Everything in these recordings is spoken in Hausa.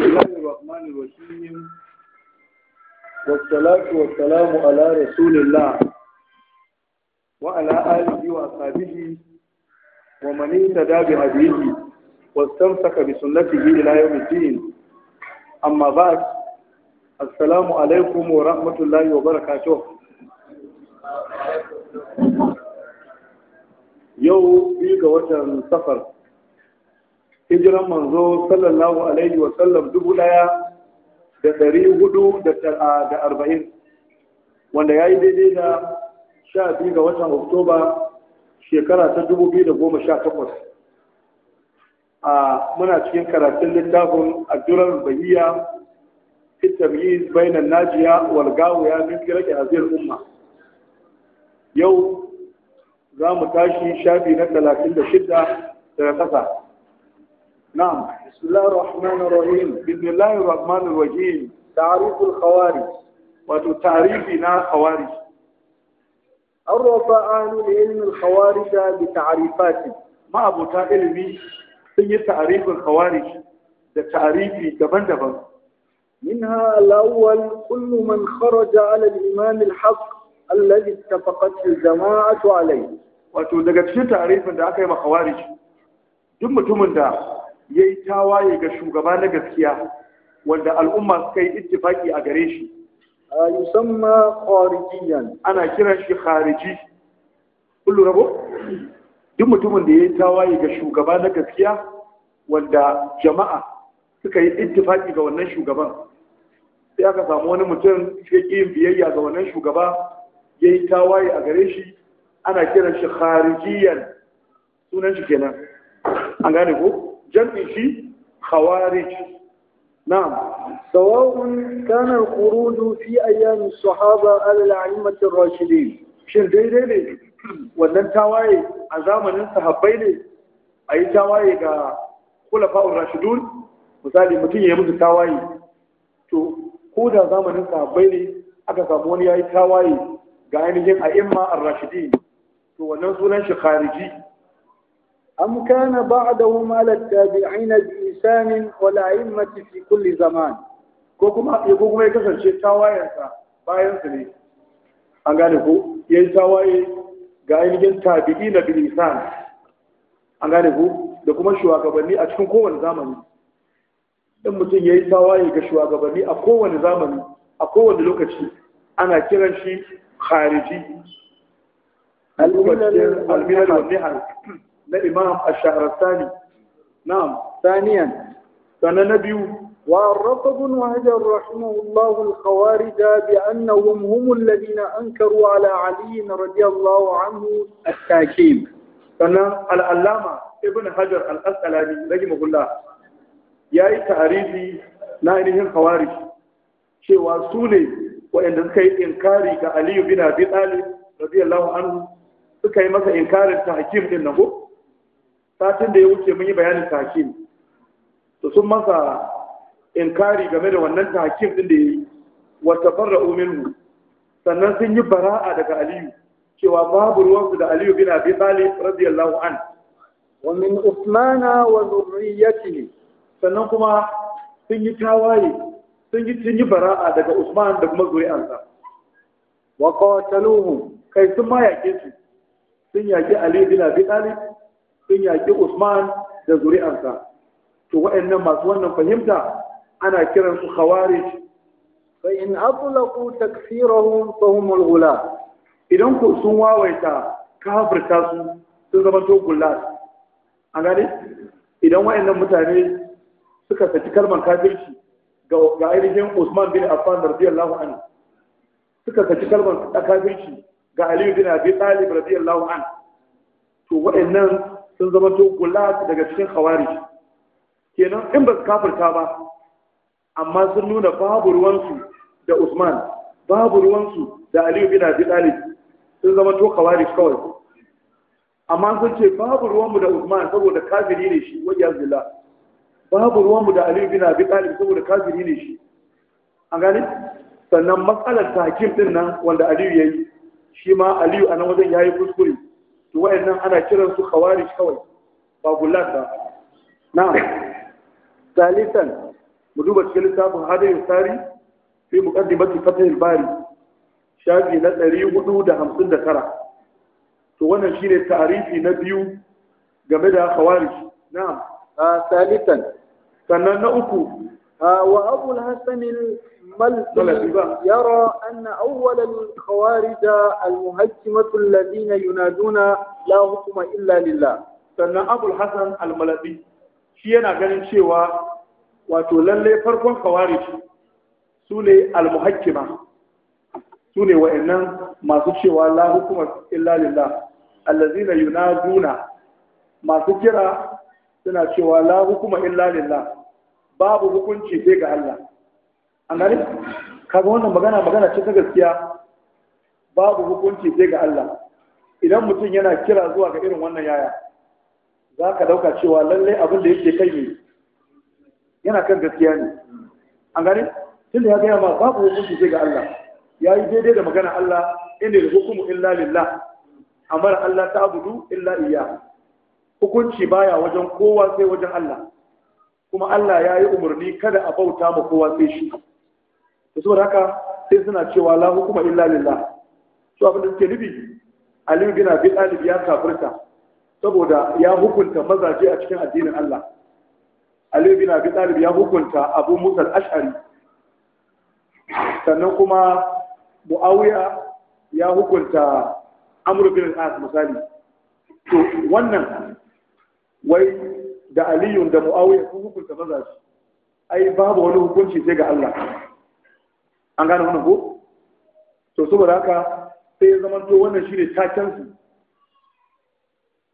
بسم الله الرحمن الرحيم والصلاة والسلام على رسول الله وعلى آله وأصحابه ومن اهتدى بهديه واستمسك بسنته إلى يوم الدين أما بعد السلام عليكم ورحمة الله وبركاته يوم في وجه سفر hijiran manzo sallallahu alaihi wa sallam dubu daya da dari hudu da arba'in wanda ya yi daidai da sha biyu ga watan oktoba shekara ta dubu biyu da goma sha takwas a muna cikin karatun littafin a addurar bahiya التمييز بين الناجية والقاوية من كرة hazir umma, yau za mu tashi shafi na talatin da shida daga ƙasa نعم بسم الله الرحمن الرحيم بسم الله الرحمن الرحيم تعريف الخوارج وتعريفنا خوارج عرف أهل العلم الخوارج بتعريفات ما أبو تعلمي سنية تعريف الخوارج ده تعريفي دبن دبن منها الأول كل من خرج على الإمام الحق الذي اتفقت الجماعة عليه وتدقت في تعريف ده أكيم خوارج دم تمن ده ya yi tawaye ga shugaba na gaskiya wanda al'umma suka yi ittifaki a gare shi yusamma kwarijiyan. ana kiran shi khariji kullu rabo duk mutumin da ya yi tawaye ga shugaba na gaskiya wanda jama'a suka yi ittifaki ga wannan shugaban sai aka samu wani mutum ya ƙi biyayya ga wannan shugaba ya yi tawaye a gare shi ana kiran shi kharijiyan sunan shi kenan an gane ko jam'in shi khawarij na'am sawa'un kana al-khuruj fi ayyam as-sahaba ala al-a'immati ar-rashidin shin daidai ne wannan tawaye a zamanin sahabbai ne A yi tawaye ga khulafa'ur rashidun misali mutum ya musu tawaye to ko da zamanin sahabbai ne aka samu wani ya yi tawaye ga ainihin a'imma ar Rashidi? to wannan sunan shi khariji أم كان بعدهم على التابعين بإنسان والأئمة في كل زمان كوكما يقوكما يكسر شيء تاوايا باين سني أنغانيكو ينتاواي غاينجن تابعين بالإنسان أنغانيكو da kuma shugabanni a cikin kowane zamani in mutum ya yi tawaye ga shugabanni a kowane a kowane lokaci ana kiran shi khariji al-milal wal na imam a ashahar sani na'am saniyan sana na biyu wa rasa bin wajen rahimahullahu alkhawari da bi annahum humul ladina ankaru ala aliyin radiyallahu anhu at-takim sannan al'allama ibn hajar al-asalani rage magulla ya yi ta'arizi na ainihin khawari cewa su ne waɗanda suka yi inkari ga aliyu bin abi radiyallahu anhu suka yi masa inkarin ta hakim din nan ko satin da ya wuce mun yi bayanin takin, to sun masa inkari game da wannan takin din da ya yi wa tafarra'u minhu sannan sun yi bara'a daga aliyu cewa babu ruwansu da aliyu bin abi talib radiyallahu an wa min usmana wa zurriyatihi sannan kuma sun yi tawaye sun yi sun yi bara'a daga usman da kuma zuri'ansa wa qataluhu kai sun ma yake su sun yaki aliyu bin abi talib sun yaƙi Usman da zuri'arsa. to waɗannan masu wannan fahimta ana kiran kiransu khawarij tsohon أطلقوا Idan ku sun wawaita, kafirta su sun zama to تو A gane idan waɗannan mutane suka saki kalmar kafirci ga ainihin Usman bin Affan radiyallahu anhu suka saki kalmar kafirci ga Ali bin Abi Talib radiyallahu anhu to waɗannan sun zama to gulat daga cikin khawarij kenan in ba su kafirta ba amma sun nuna babu ruwansu da Usman babu ruwansu da Aliyu bin Abi Talib sun zama to khawarij kawai amma sun ce babu ruwanmu da Usman saboda kafiri ne shi wa yazillah babu ruwanmu da Aliyu bin Abi Talib saboda kafiri ne shi an gane sannan matsalar takim din nan wanda Aliyu yayi shi ma Aliyu a nan wajen yayi kuskure to wayannan ana kiran su khawarij kawai ba gullat ba na'am salisan mu duba cikin littafin hadayin sari fi muqaddimati fatahil bari shafi na 459 to wannan shine tarihi na biyu game da khawarij na'am ah, salisan sannan na uku وأبو الحسن الملتمي يرى أن أول الخوارج المهجمة الذين ينادون لا حكم إلا لله sannan أبو hassan almalabi shi yana ganin cewa wato lalle farkon kawari su ne almuhakkima su ne wa'annan masu cewa la hukuma illa lillah allazina yunaduna masu kira suna cewa la hukuma illa babu hukunci sai ga Allah an gani kaga wannan magana magana ce ta gaskiya babu hukunci sai ga Allah idan mutum yana kira zuwa ga irin wannan yaya za ka dauka cewa lallai abin da yake kai ne yana kan gaskiya ne an gani tunda ya gaya ma babu hukunci sai ga Allah ya yi daidai da magana Allah inda da hukumu illa lillah amara Allah ta abudu illa iya hukunci baya wajen kowa sai wajen Allah kuma Allah ya yi umarni kada a bauta ma kowa sai shi da saboda haka sai suna cewa la hukuma illa lillah to abin da suke nufi aliyu gina bi dalibi ya kafirta saboda ya hukunta mazaje a cikin addinin Allah aliyu gina bi dalibi ya hukunta abu musa al-ash'ari sannan kuma muawiya ya hukunta amr bin al-as misali to wannan wai da aliyun da mu'awiya sun hukunta maza mazaje ai babu wani hukunci sai ga Allah an gane wannan ko to saboda haka sai ya zama to wannan shine taken su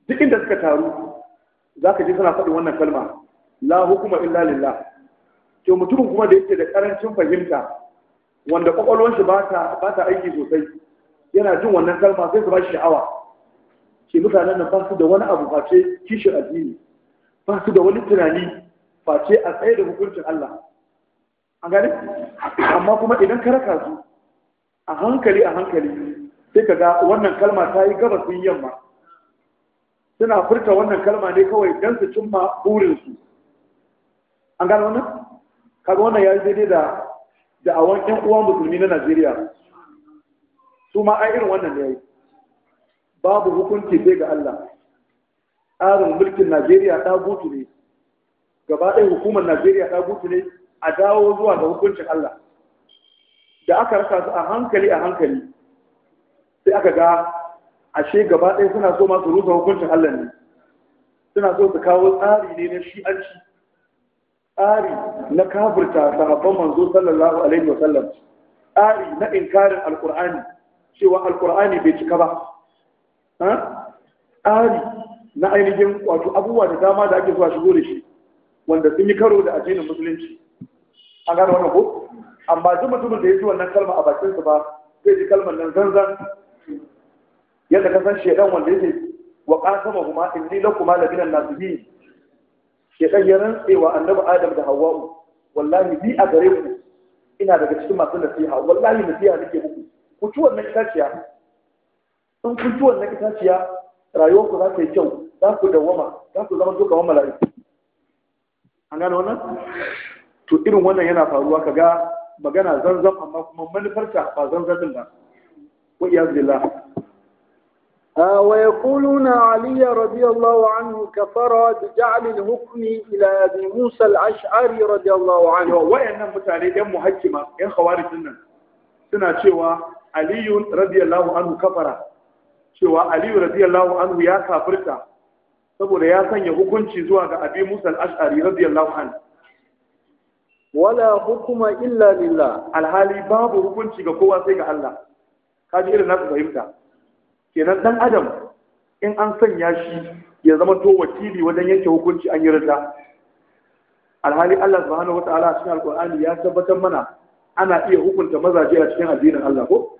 duk inda suka taru zaka ji suna faɗin wannan kalma la hukuma illa lillah to mutumin kuma da yake da karancin fahimta wanda kwakwalwar shi ba ta aiki sosai yana jin wannan kalma sai su ba shi sha'awa ke mutanen nan ba su da wani abu face kishin addini ba su da wani tunani face a tsaye da hukuncin Allah an gane amma kuma idan ka raka su a hankali a hankali sai ka ga wannan kalma ta yi gaba sun yamma suna furta wannan kalma ne kawai don su cimma burinsu an gane wannan kaga wannan ya yi daidai da da'awan ƴan uwan musulmi na Najeriya su ma ai irin wannan ne yayi babu hukunci sai ga Allah tsarin mulkin Najeriya gutu ne gaba ɗaya hukumar Najeriya gutu ne a dawo zuwa ga hukuncin Allah da aka rasa su a hankali a hankali sai aka ga ashe gaba ɗaya suna so masu rusa hukuncin Allah ne suna so su kawo tsari ne na shi'anci tsari na kafirta sahabban manzo sallallahu alaihi wasallam tsari na inkarin alkur'ani cewa alkur'ani bai cika ba tsari na ainihin wato abubuwa da dama da ake zuwa shigo da shi wanda sun yi karo da addinin musulunci an gano wannan ko amma duk mutumin da ya ji wannan kalma a bakin sa ba zai ji kalmar nan zanzan yadda ka san shedan wanda yake wa qasama huma inni lakum la binan nasibi shedan ya rantse wa annabi adam da hawwa'u wallahi bi a gare ku ina daga cikin masu nasiha wallahi nasiha nake muku ku ci wannan itaciya in kun ci wannan itaciya rayuwarku za ta yi kyau za ku dawwama za ku zama duka wani mala'iku an gano wannan to irin wannan yana faruwa ka ga magana zanzan amma kuma manufarta ba zanzan din ba wa iyaz billah ويقولون علي رضي الله عنه كفر بجعل الحكم الى musa موسى الاشعري رضي anhu? عنه وان mutane yan muhakkima yan khawarij nan suna cewa aliyu radiyallahu anhu kafara cewa aliyu radiyallahu anhu ya kafirta saboda ya sanya hukunci zuwa ga abi musa al-ash'ari radiyallahu an wala hukuma illa lillah alhali babu hukunci ga kowa sai ga Allah kaji irin nasu fahimta kenan dan adam in an sanya shi ya zama to wakili wajen yanke hukunci an yi rida alhali Allah subhanahu wataala cikin alqur'ani ya tabbatar mana ana iya hukunta mazaje a cikin addinin Allah ko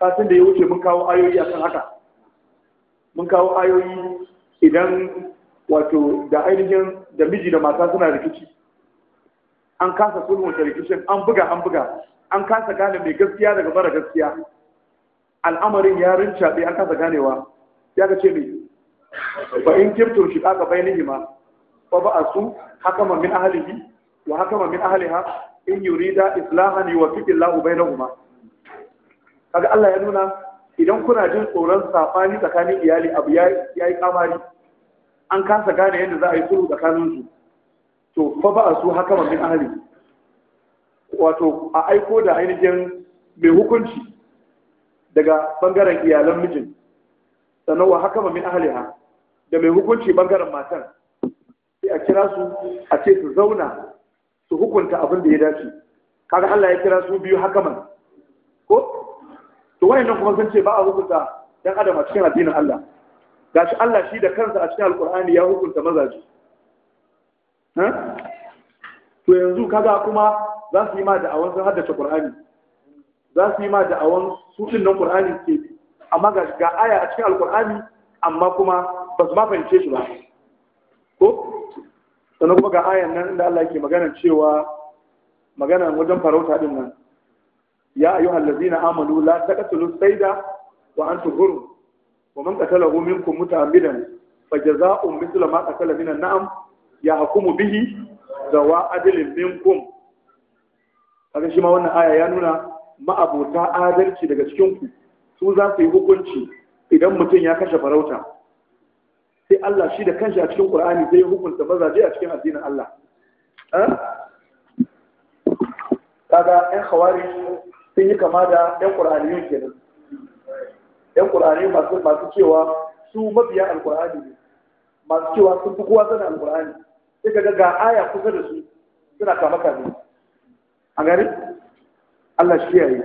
kafin da ya wuce mun kawo ayoyi akan haka mun kawo ayoyi idan wato da ainihin da miji da mata suna rikici an kasa sulhunta rikicin an buga an buga an kasa gane mai gaskiya daga mara gaskiya al'amarin ya bai an kasa ganewa ya ga ce mai ba in kimtun shi bai nihi ma ba ba a su ma min ahalihi wa ma min ahaliha in yurida islahani wa fiqillahu bainahuma kaga Allah ya nuna idan kuna jin tsoron safani tsakanin iyali abu ya yi kamari an kasa gane yadda za a yi tsakanin tsakaninsu to fa ba a su haka ahali wato a aiko da ainihin mai hukunci daga bangaren iyalan mijin sannan wa haka ahali ha, da mai hukunci bangaren matan sai a kira su a ce su zauna su hukunta abin da ya dace kaga Allah ya kira su biyu hakaman ko to wayannan kuma sun ce ba a hukunta ɗan adam a cikin addinin Allah Ga shi Allah shi da kansa a cikin Alƙur'ani ya hukunta mazaje to yanzu kaga kuma za su yi ma da awon sun haddace ƙur'ani. za su yi ma da awon su din nan ƙur'ani ke amma ga ga aya a cikin Alƙur'ani, amma kuma ba su ma fahimce shi ba ko sannan kuma ga ayan nan inda Allah yake magana cewa magana wajen farauta din nan ya ayu allazina amanu la taqtulu sayda wa antum hurum wa man qatalahu minkum muta'ammidan fajaza'un mithla ma qatala minan na'am yahkumu bihi zawa adlin minkum kaga shi ma wannan aya ya nuna ma'abota adalci daga cikin ku su za su yi hukunci idan mutum ya kashe farauta sai Allah shi da kanshi a cikin Qur'ani zai hukunta mazaje a cikin addinin Allah kaga ɗan khawari sun yi kama da yan ke kenan yan qur'ani masu cewa su mabiya alqur'ani ne masu cewa sun fi kowa sana alqur'ani sai kaga ga aya kusa da su suna kama kame a gari Allah shi yayi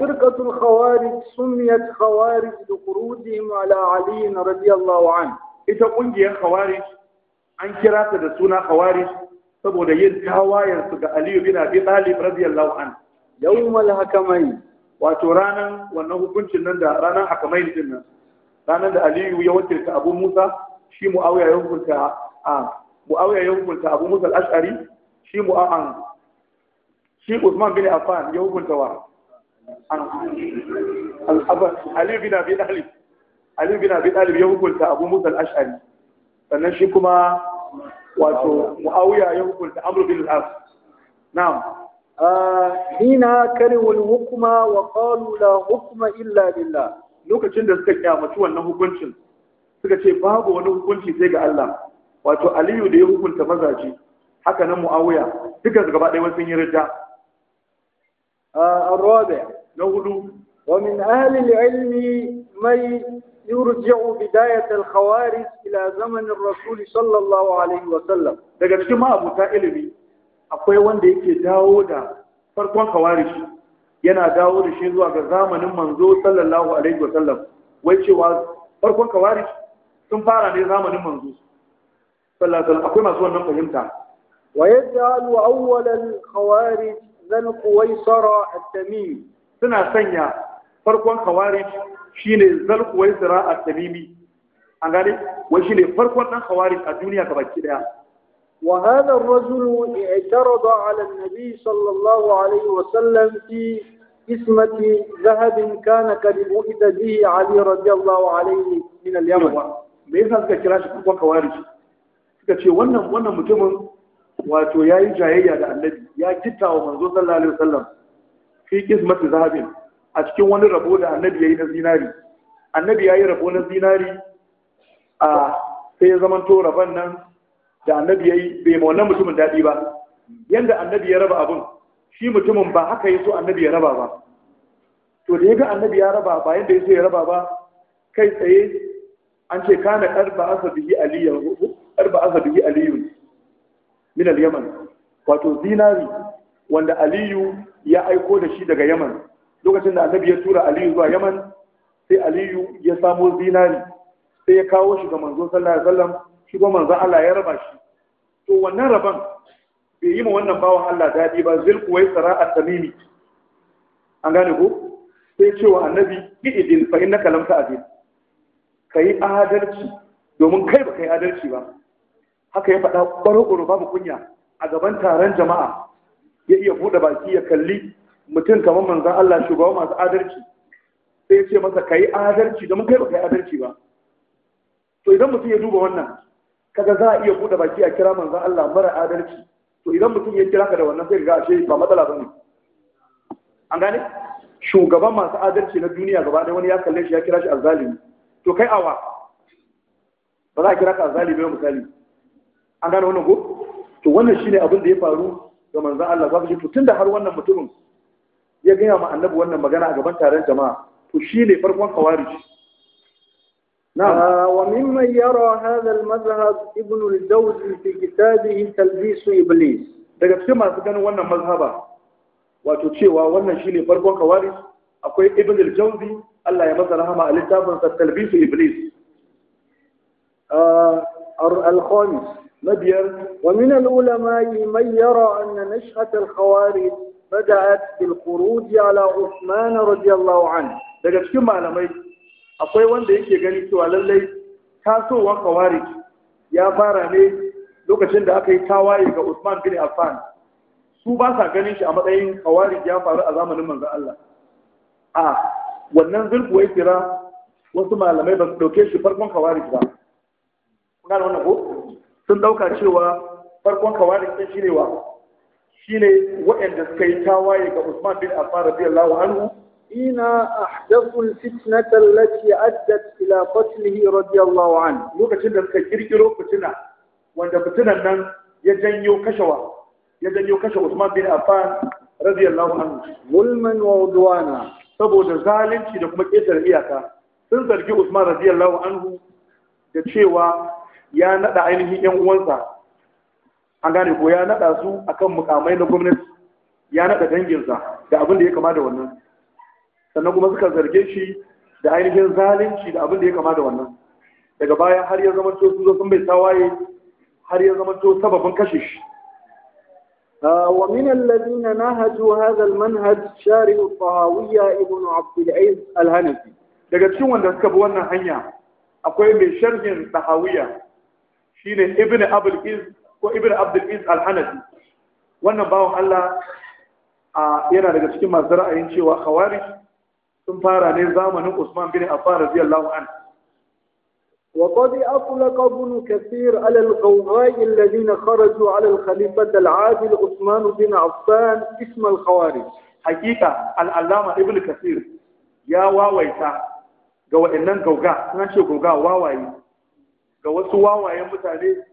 فرقة الخوارج سميت خوارج لخروجهم على علي رضي الله an ita ƙungiyar khawarij an kira ta da suna khawarij saboda yin tawayen ga Aliyu bin Abi Talib radiyallahu an yawmal hakamai wato ranan wannan hukuncin nan da ranan hakamai din nan ranan da Aliyu ya wakilta Abu Musa shi Muawiya ya hukunta a Muawiya ya hukunta Abu Musa al-Ash'ari shi Mu'an shi Usman bin Affan ya hukunta wa Aliyu bin Abi Talib Aliyu bin Abi Talib ya hukunta Abu Musa al-Ash'ari sannan shi kuma wato muawiya ya hukunta amru bil as na'am ah, hina wal hukma wa qalu la hukma illa billah lokacin da suka kyamaci wannan hukuncin suka ce babu wani hukunci sai ga Allah wato aliyu da ya hukunta mazaji haka nan muawiya duka gaba ɗaya sun yi ah, hudu wa min ahli al-ilmi mai يرجع بداية الخوارج إلى زمن الرسول صلى الله عليه وسلم daga cikin ma'abuta ilimi akwai wanda yake dawo da farkon khawarij yana dawo da shi zuwa ga zamanin manzo sallallahu alaihi wasallam wai cewa farkon khawarij sun fara ne zamanin manzo sallallahu alaihi akwai masu wannan fahimta wa yaj'alu awwal al-khawarij zal quwaisara at-tamimi suna sanya farkon khawarij shine wa isra a tamimi an gane wai shine farkon dan khawarij a duniya ga baki daya wa hadha ar-rajul i'tarada 'ala an-nabi sallallahu alaihi wa sallam fi ismati zahab kana kad uhida bihi ali radiyallahu alaihi min al-yaman me yasa suka kira shi farkon khawarij suka ce wannan wannan mutumin wato yayi jayayya da annabi ya kitawa manzo sallallahu alaihi wasallam fi ismati zahabin a cikin wani rabo da annabi ya yi na zinari annabi ya yi rabo na zinari a sai ya zamanto rabon nan da annabi ya yi bai ma wannan mutumin daɗi ba yadda annabi ya raba abin shi mutumin ba haka ya so annabi ya raba ba to da ya ga annabi ya raba ba yadda ya so ya raba ba kai tsaye an ce kana karba asabihi aliyu karba asabihi aliyu min al-yaman wato zinari wanda aliyu ya aiko da shi daga yaman lokacin da annabi ya tura aliyu zuwa yaman sai aliyu ya samo zinari sai ya kawo shi ga manzo sallallahu alaihi wasallam shi kuma manzo Allah ya raba shi to wannan raban bai yi ma wannan bawan Allah dadi ba zil sara at-tamimi an gane ko sai cewa annabi idin fa innaka lam ta'dil kai adalci domin kai ba kai adalci ba haka ya faɗa ƙwaro babu kunya a gaban taron jama'a ya iya buɗe baki ya kalli mutum kamar manzan Allah shugaba masu adalci sai ya ce masa ka yi adalci domin kai ba ka yi adalci ba to idan mutum ya duba wannan kaga za a iya buɗe baki a kira manzan Allah mara adalci to idan mutum ya kira ka da wannan sai ga ashe ba matsala ba ne an gane shugaban masu adalci na duniya gaba ɗaya wani ya kalle shi ya kira shi azzalimi to kai awa ba za a kira ka azzalimi ba misali an gane wannan ko to wannan shine abin da ya faru ga manzan Allah za su ce to da har wannan mutumin ya gaya ma annabi wannan magana a gaban taron jama'a to shi ne farkon khawarij نعم وممن يرى هذا المذهب ابن الجوزي في كتابه تلبيس إبليس daga cikin masu ganin wannan mazhaba wato cewa wannan shine farkon kawaris akwai ibn al-jawzi Allah ya masa rahama a littafin sa talbisu iblis ah, al-khamis na biyar wa min al-ulama man yara anna nashhat al-khawarij بدأت بالخروج على عثمان رضي الله عنه daga cikin malamai akwai wanda yake gani cewa lallai tasowar khawarij ya fara ne lokacin da aka yi tawaye ga Usman bin Affan su ba sa ganin shi a matsayin khawarij ya faru a zamanin manzon Allah a wannan zulku ya kira wasu malamai ba su dauke shi farkon khawarij ba kuna da wannan ko sun dauka cewa farkon khawarij sun shirewa shine waɗanda suka yi tawaye ga Usman bin Affan radiyallahu anhu ina ahdathu fitnata allati addat ila qatlihi radiyallahu an. lokacin da suka kirkiro fitina wanda fitinan nan ya janyo kashewa ya janyo kashe Usman bin Affan radiyallahu anhu mulman wa udwana saboda zalunci da kuma ƙetar iyaka sun zargi Usman radiyallahu anhu da cewa ya nada ainihin yan uwansa an gane ko ya naɗa su akan mukamai na gwamnati ya naɗa danginsa da abin da ya kama da wannan sannan kuma suka zarge shi da ainihin zalunci da abin da ya kama da wannan daga baya har ya zama su zo sun bai tawaye har ya zama sababin kashe shi ومن الذين نهجوا هذا المنهج شارع الطهاوية ابن عبد العز الهنفي daga cikin wanda suka bi wannan hanya akwai mai sharhin tahawiya shine ibn abul iz ko ibn abdul al-hanafi wannan bawan Allah a yana daga cikin masu ra'ayin cewa khawarij sun fara ne zamanin Usman bin Affan radiyallahu anhu وقد أطلق ابن كثير على القوماء الذين خرجوا على الخليفة العادل عثمان بن عفان اسم الخوارج حقيقة العلامة ابن كثير يا واويتا ga wa'annan gauga suna ce gauga wawaye ga wasu wawayen mutane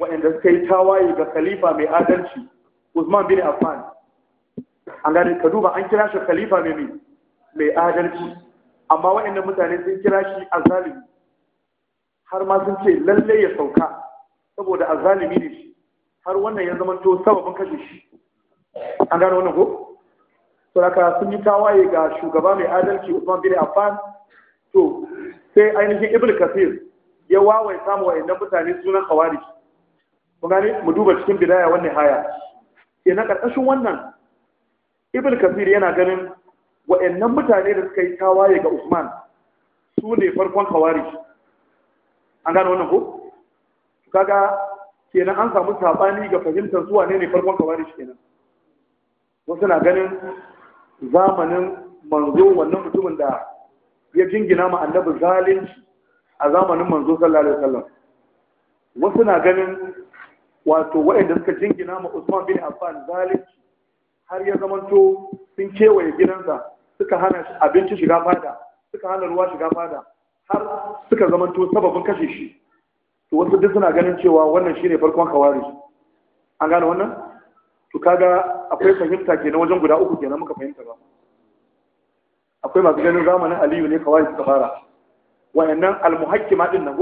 waɗanda suka yi tawaye ga khalifa mai adalci Usman bin Affan an gane ka duba an kira shi khalifa mai mai adalci amma waɗanda mutane sun kira shi azalimi har ma sun ce lalle ya sauka saboda azalimi ne shi har wannan ya zama to sababin kashe shi an gane wannan ko to haka sun yi tawaye ga shugaba mai adalci Usman bin Affan to sai ainihin Ibn Kathir ya wawaye samu waɗannan mutane sunan khawarij ku gane mu duba cikin bidaya wannan haya ke na ƙarƙashin wannan ibn kafir yana ganin wa'annan mutane da suka yi tawaye ga usman su ne farkon kawari an gane wannan ko kaga kenan an samu sabani ga fahimtar su wane ne farkon kawari kenan wasu na ganin zamanin manzo wannan mutumin da ya jingina ma annabi zalunci a zamanin manzo sallallahu alaihi wasallam wasu na ganin wato waɗanda suka jingina ma Usman bin Affan zalunci har ya zamanto sun kewaye gidansa suka hana abinci shiga fada suka hana ruwa shiga fada har suka zamanto sababin kashe shi to wasu duk suna ganin cewa wannan shine farkon kawari an gane wannan to kaga akwai fahimta na wajen guda uku kenan muka fahimta ba akwai masu ganin zamanin Aliyu ne kawai suka fara wayannan almuhakkima din nan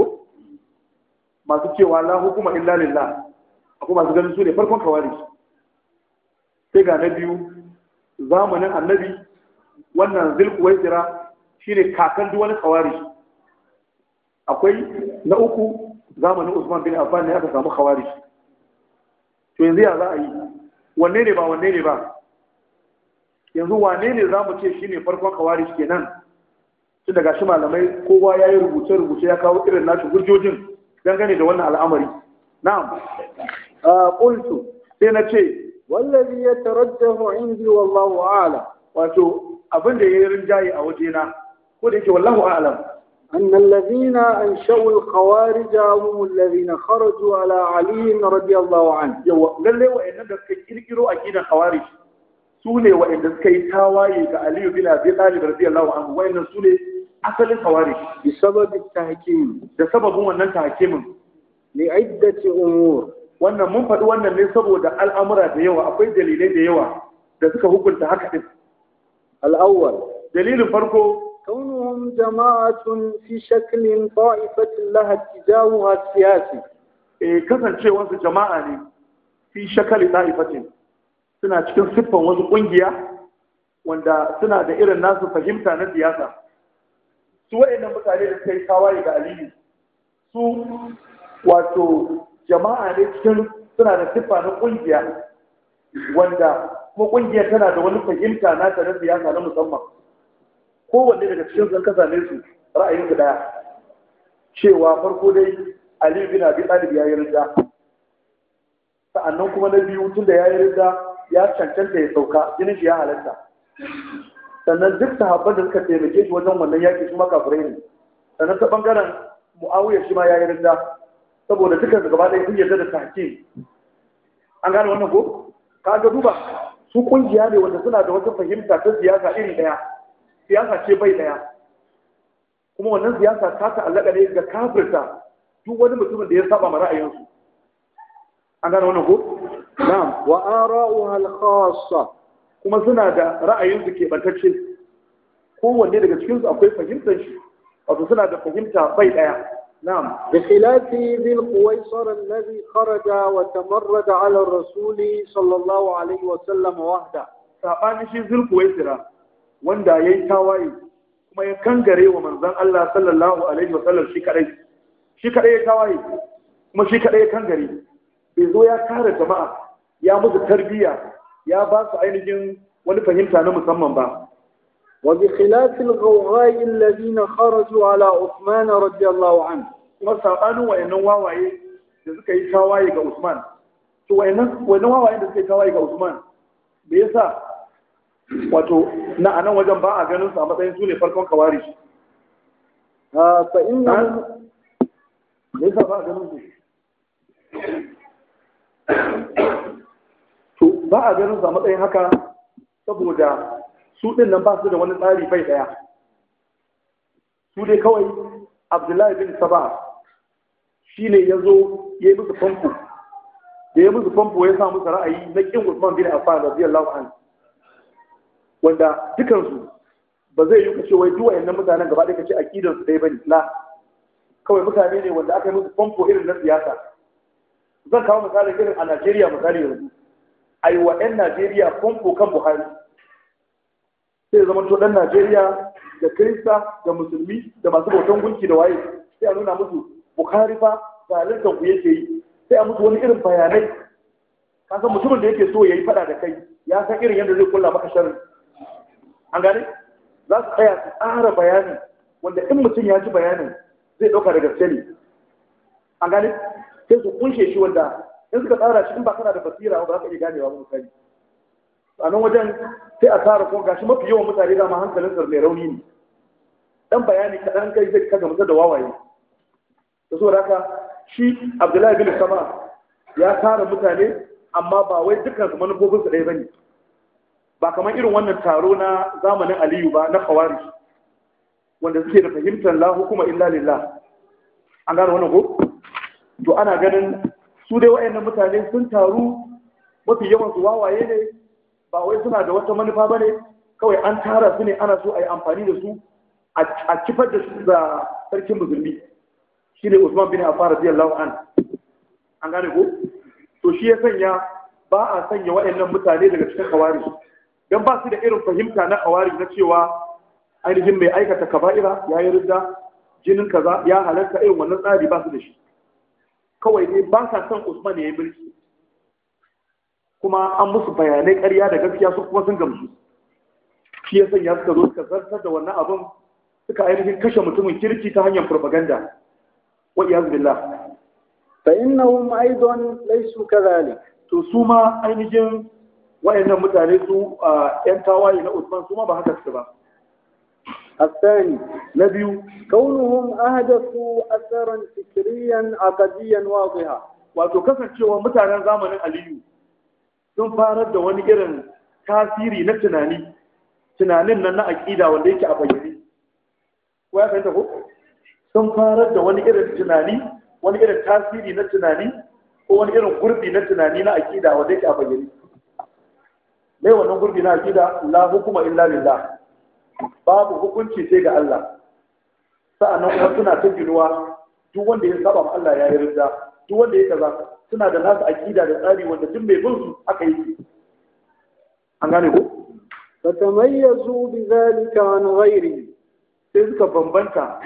masu cewa la hukuma illa lillah akwai masu ganin su ne farkon kawari sai ga na biyu zamanin annabi wannan zilkuwaisira shi ne kakan duk wani kawari akwai na uku zamanin usman bin affan ne aka samu kawari to yanzu ya za a yi wanne ne ba wanne ne ba yanzu wane ne za mu ce shi ne farkon kawari kenan su daga shi malamai kowa ya yi rubuce-rubuce ya kawo irin nashi gurjojin dangane da wannan al'amari na'am qultu sai na ce wallazi tarajjahu indi wallahu a'lam wato abin da yayin rinjaye a wajena ko da yake wallahu a'lam أن الذين أنشأوا الخوارج هم الذين خرجوا على علي رضي الله عنه يو للي وإن دسك كيركيرو أكيد خوارج سوني وإن دسك ga Ali بن Abi Talib رضي الله عنه وإن سوني أصل الخوارج بسبب التحكيم ده سبب هو أن التحكيم لعدة umur. wannan mun faɗi wannan ne saboda al'amura da yawa akwai dalilai da yawa da suka hukunta haka din al'awwal dalilin farko jama'a jama'atun fi shaklin ta'ifatin laha tijahuha siyasi E, eh, kasance wasu jama'a ne fi shakali ta'ifatin suna cikin siffan wasu ƙungiya wanda suna da irin nasu fahimta na siyasa su nan mutane da ta yi kawai ga aliyu su wato jama'a ne cikin suna da siffa na ƙungiya wanda kuma ƙungiya tana da wani fahimta na ta na siyasa na musamman kowanne daga cikin sun ne su su daya cewa farko dai ali bin abi talib ya yi rida sa'annan kuma na biyu tun da ya yi rida ya cancanta ya sauka jinin shi ya halarta. sannan duk sahabban da suka taimake shi wajen wannan yaƙi su fure ne sannan ta ɓangaren mu'awiyar shi ma ya yi rida saboda dukkan su gaba ɗaya sun yarda da sake an gane wannan ko ka ga duba su kungiya ne wanda suna da wata fahimta ta siyasa irin ɗaya siyasa ce bai ɗaya kuma wannan siyasa ta ta'allaka ne ga kafirta duk wani mutumin da ya saba ma ra'ayinsu an gane wannan ko na'am wa ara'uha al-khassa kuma suna da ra'ayinsu ke bantacce kowanne daga cikin su akwai fahimtar shi wato suna da fahimta bai ɗaya نعم بخلاف ذي القويصر الذي da وتمرد على الرسول صلى الله عليه وسلم وحده sabanin shi zulkuwaisira wanda ya yi tawaye kuma ya kangare wa manzan Allah sallallahu alaihi wa sallam shi kadai ya tawaye kuma shi kadai ya kangare bai zo ya kare jama'a ya musu tarbiyya ya basu ainihin wani fahimta na musamman ba وبخلاف الغوغاء الذين خرجوا على عثمان رضي الله عنه Usman to wayannan wayannan wawaye da suka yi tawaye ga Usman me yasa na anan a a matsayin ba a ba a ganin su a matsayin haka saboda su ɗin nan ba su da wani tsari bai ɗaya su dai kawai abdullahi bin saba shi ne ya zo ya yi musu famfo da ya musu famfo ya sa musu ra'ayi na ƙin usman bin affan radiyallahu an wanda dukansu ba zai yi kace wai duwa yannan mutanen gaba ɗaya kace aqidan su dai bane na. kawai mutane ne wanda aka yi musu famfo irin na siyasa zan kawo misali irin a Najeriya misali yanzu A yi wa 'yan Najeriya famfo kan Buhari sai zama to dan Najeriya da Kirista da Musulmi da masu bautan gunki da waye sai a nuna musu Bukhari fa zalunta ku yake yi sai a musu wani irin bayanai ka san mutumin da yake so yayi fada da kai ya san irin yadda zai kulla maka sharri an gane za su tsaya su tsara bayani wanda in mutum ya ji bayanin zai ɗauka da gaske ne an gane sai su kunshe shi wanda in suka tsara shi in ba kana da basira ba za ka iya ganewa ba mutane a nan wajen sai a tsara ko gashi mafi yawan mutane dama hankalin sa mai rauni ne dan bayani kadan kai zai kaga mutu da wawaye da saboda haka shi abdullahi bin sama ya tsara mutane amma ba wai dukkan su manufofin su ɗaya bane ba kamar irin wannan taro na zamanin aliyu ba na Khawarij wanda suke da fahimtar la hukuma illa lillah an gane wannan ko to ana ganin su dai wayannan mutane sun taru mafi yawan su wawaye ne ba wai suna da wata manufa ba ne kawai an tara su ne ana so a yi amfani da su a kifar da su da sarkin musulmi shi ne usman bin da radiyallahu an an gane ko to shi ya sanya ba a sanya waɗannan mutane daga cikin kawari don ba su da irin fahimta na kawari na cewa ainihin mai aikata kaba'ira ya yi ridda jinin kaza ya halarta irin wannan tsari ba su da shi kawai dai ba sa son usman ya yi mulki kuma an musu bayanai ƙarya da gaskiya su kuma sun gamsu shi ya sanya suka zo suka zartar da wannan abin suka ainihin kashe mutumin kirki ta hanyar propaganda wa iyaz billah fa innahum aidan laysu kadhalik to su ma ainihin wayannan mutane su yan tawaye na Usman su ma ba haka su ba الثاني نبي كونهم اهدفوا اثرا فكريا عقديا واضحا wato kasancewa mutanen zamanin Aliyu sun farar da wani irin tasiri na tunani tunanin nan na aƙida wanda yake a bayyane ko ya fahimta ko sun farar da wani irin tunani wani irin tasiri na tunani ko wani irin gurbi na tunani na aƙida wanda yake a bayyane mai wannan gurbi na aƙida la hukuma illa billah babu hukunci sai ga Allah sa'annan kuma suna ta ginuwa duk wanda ya saba Allah ya yi rinda duk wanda ya kaza suna da nasu akida da tsari wanda duk mai bin su aka yi an gane ko fatamayyazu bi zalika an ghairi sai suka bambanta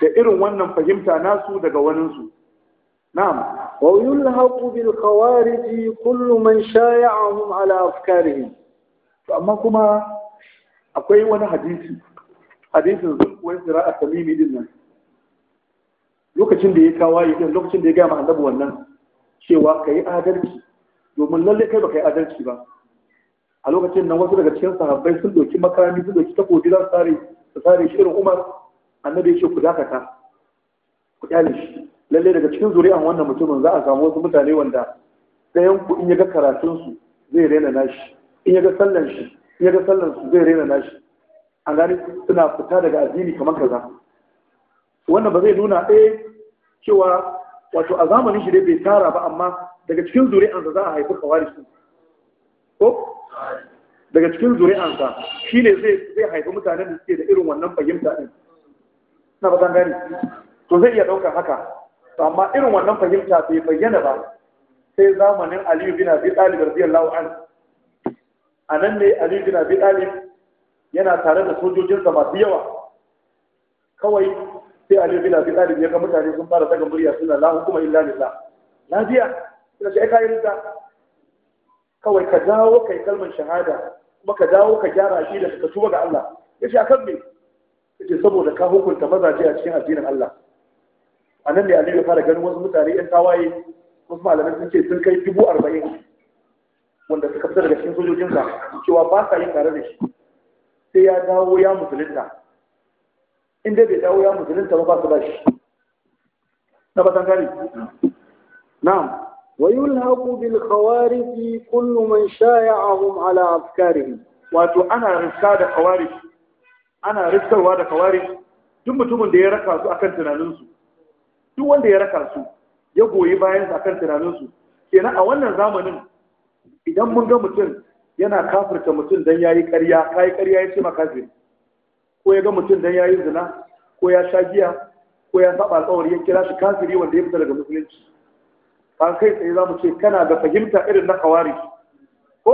da irin wannan fahimta nasu daga wanin su na'am wa yulhaqu bil khawarij kullu man shay'ahum ala afkarihi to amma kuma akwai wani hadisi hadisin zulkuwai sira a tamimi din nan lokacin da ya kawo kawaye ɗin, lokacin da ya gaya ma annabi wannan cewa ka yi adalci domin lalle kai ba ka yi adalci ba a lokacin nan wasu daga cikin sahabbai sun doki makarami sun doki takobi za su sare su sare shi irin umar annabi ya ce ku dakata ku kyale shi lalle daga cikin zuri'an wannan mutumin za a samu wasu mutane wanda ɗayan ku in ya ga karatunsu zai rena nashi in ya ga sallan shi in ya ga sallan su zai raina nashi an gani suna fita daga addini kamar kaza wannan ba zai nuna ɗaya eh, cewa wato a zamanin shi dai bai tara ba amma daga cikin zuri'ansa za a haifi khawarij ko daga cikin zuri'ansa shi ne zai haifi mutanen da suke da irin wannan fahimta din na bazan gani to zai iya ɗaukar haka amma irin wannan fahimta bai bayyana ba sai zamanin Aliyu bin Abi Talib radiyallahu anhu anan ne Aliyu bin Abi Talib yana tare da sojojinsa masu yawa kawai sai Ali fi Abi ɗalibi ya mutane sun fara daga murya suna la hukuma illa lillah lafiya suna shi yi ta kawai ka dawo kai kalmar shahada kuma ka dawo ka gyara shi da ka tuba ga Allah yace kan me yace saboda ka hukunta mazaje a cikin addinin Allah a nan ne Ali ya fara ganin wasu mutane yan tawaye wasu malamai sun ce sun kai dubu arba'in wanda suka fita daga cikin sojojinsa cewa ba sa yin tare da shi sai ya dawo ya musulunta in dai bai dawo ya musulunta ba ba su ba na ba gani na wa yulhaqu bil khawarij kullu man shaya'ahum ala afkarihim wato ana riska da khawarij ana riskarwa da khawarij duk mutumin da ya raka su akan tunaninsu duk wanda ya raka su ya goyi bayan su akan tunaninsu kenan a wannan zamanin idan mun ga mutum yana kafirta mutum dan yayi ƙarya kai ƙarya ya ce kafiri ko ya ga mutum dan yayi zina ko ya sha giya ko ya saba alƙawari ya kira shi kafiri wanda ya fita daga musulunci kan kai tsaye za mu ce kana da fahimta irin na kawari ko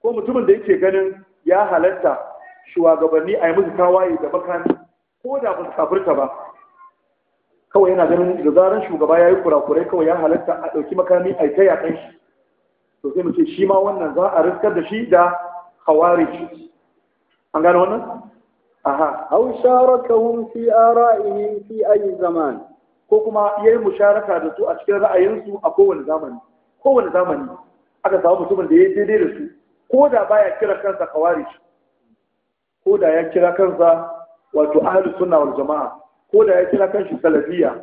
ko mutumin da yake ganin ya halatta shugabanni a yi musu kawaye da makami ko da ba su kafirta ba kawai yana ganin da zarar shugaba ya yi kurakurai kawai ya halatta a ɗauki makami a ta yaƙan shi to sai mu ce shi ma wannan za a riskar da shi da kawari an gane wannan aha sharaka sharakahum fi ara'ihi fi ayi zaman ko kuma yayi musharaka da su a cikin ra'ayinsu a kowane zamani kowane zamani aka samu mutumin da ya daidai da su ko da baya kira kansa khawarij ko da ya kira kansa wato ahlus sunna wal jama'a ko da ya kira kanshi salafiya,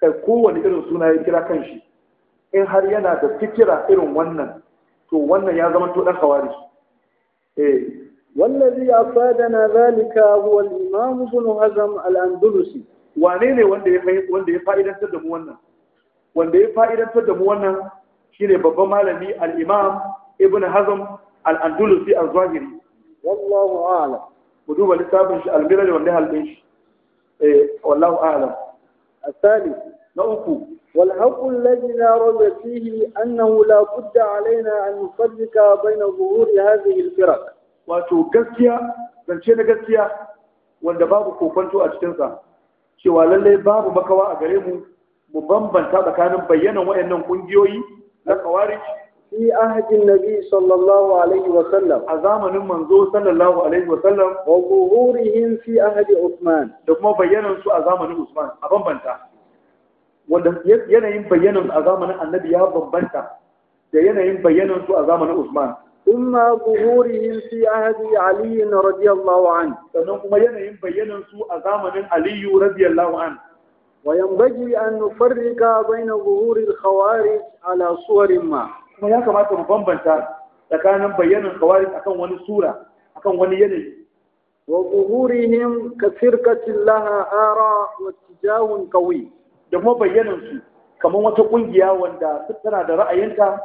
kai kowane irin suna ya kira kanshi in har yana da fikira irin wannan to wannan ya zama to dan khawarij eh wallazi afadana zalika huwa al-imam ibn hazm al-andalusi wane ne wanda ya wanda ya fa'idantar da mu wannan wanda ya fa'idantar da mu wannan shine babban malami al ibn hazm al-andalusi al-zahiri wallahu ku duba shi wanda shi eh wallahu الثالث نأكو والحق الذي لا فيه أنه لا بد علينا أن نفرق بين ظهور هذه الفرق wato gaskiya zance na gaskiya wanda babu kokonto a cikinsa cewa lallai babu makawa a gare mu mu bambanta tsakanin bayyanan wayannan kungiyoyi na kawarij fi ahadin nabi sallallahu alaihi wa sallam a zamanin manzo sallallahu alaihi wa sallam wa zuhurihim fi ahadi usman da kuma bayyanan su a zamanin usman a bambanta wanda yanayin bayyanan a zamanin annabi ya bambanta da yanayin bayyanan su a zamanin usman ثم ظهورهم في عهد علي رضي الله عنه sannan kuma yanayin bayyanan su a zamanin Ali radiyallahu an وينبغي أن نفرق بين ظهور الخوارج على صور ما kuma ya kamata mu bambanta tsakanin bayyanan khawarij akan wani sura akan wani yanayi wa كفرقة لها آراء واتجاه قوي da kuma bayyanan su kamar wata ƙungiya wanda tana da ra'ayinta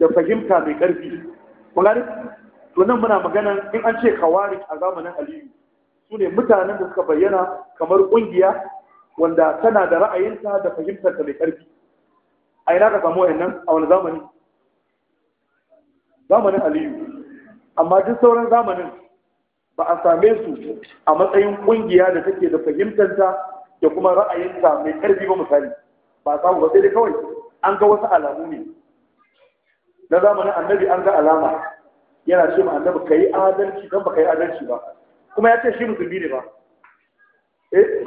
da fahimta mai ƙarfi kun to nan muna magana in an ce kawarik a zamanin aliyu su ne mutanen da suka bayyana kamar kungiya wanda tana da ra'ayinta da fahimtarta mai karfi a ina ka samu wayannan a wani zamani zamanin aliyu amma duk sauran zamanin ba a same su a matsayin ƙungiya da take da fahimtarta da kuma ra'ayinta mai ƙarfi ba misali ba samu ba sai dai kawai an ga wasu alamu ne na zamanin annabi an ga alama yana ce ma annabi kai yi adalci don ba yi adalci ba kuma ya ce shi musulmi ne ba eh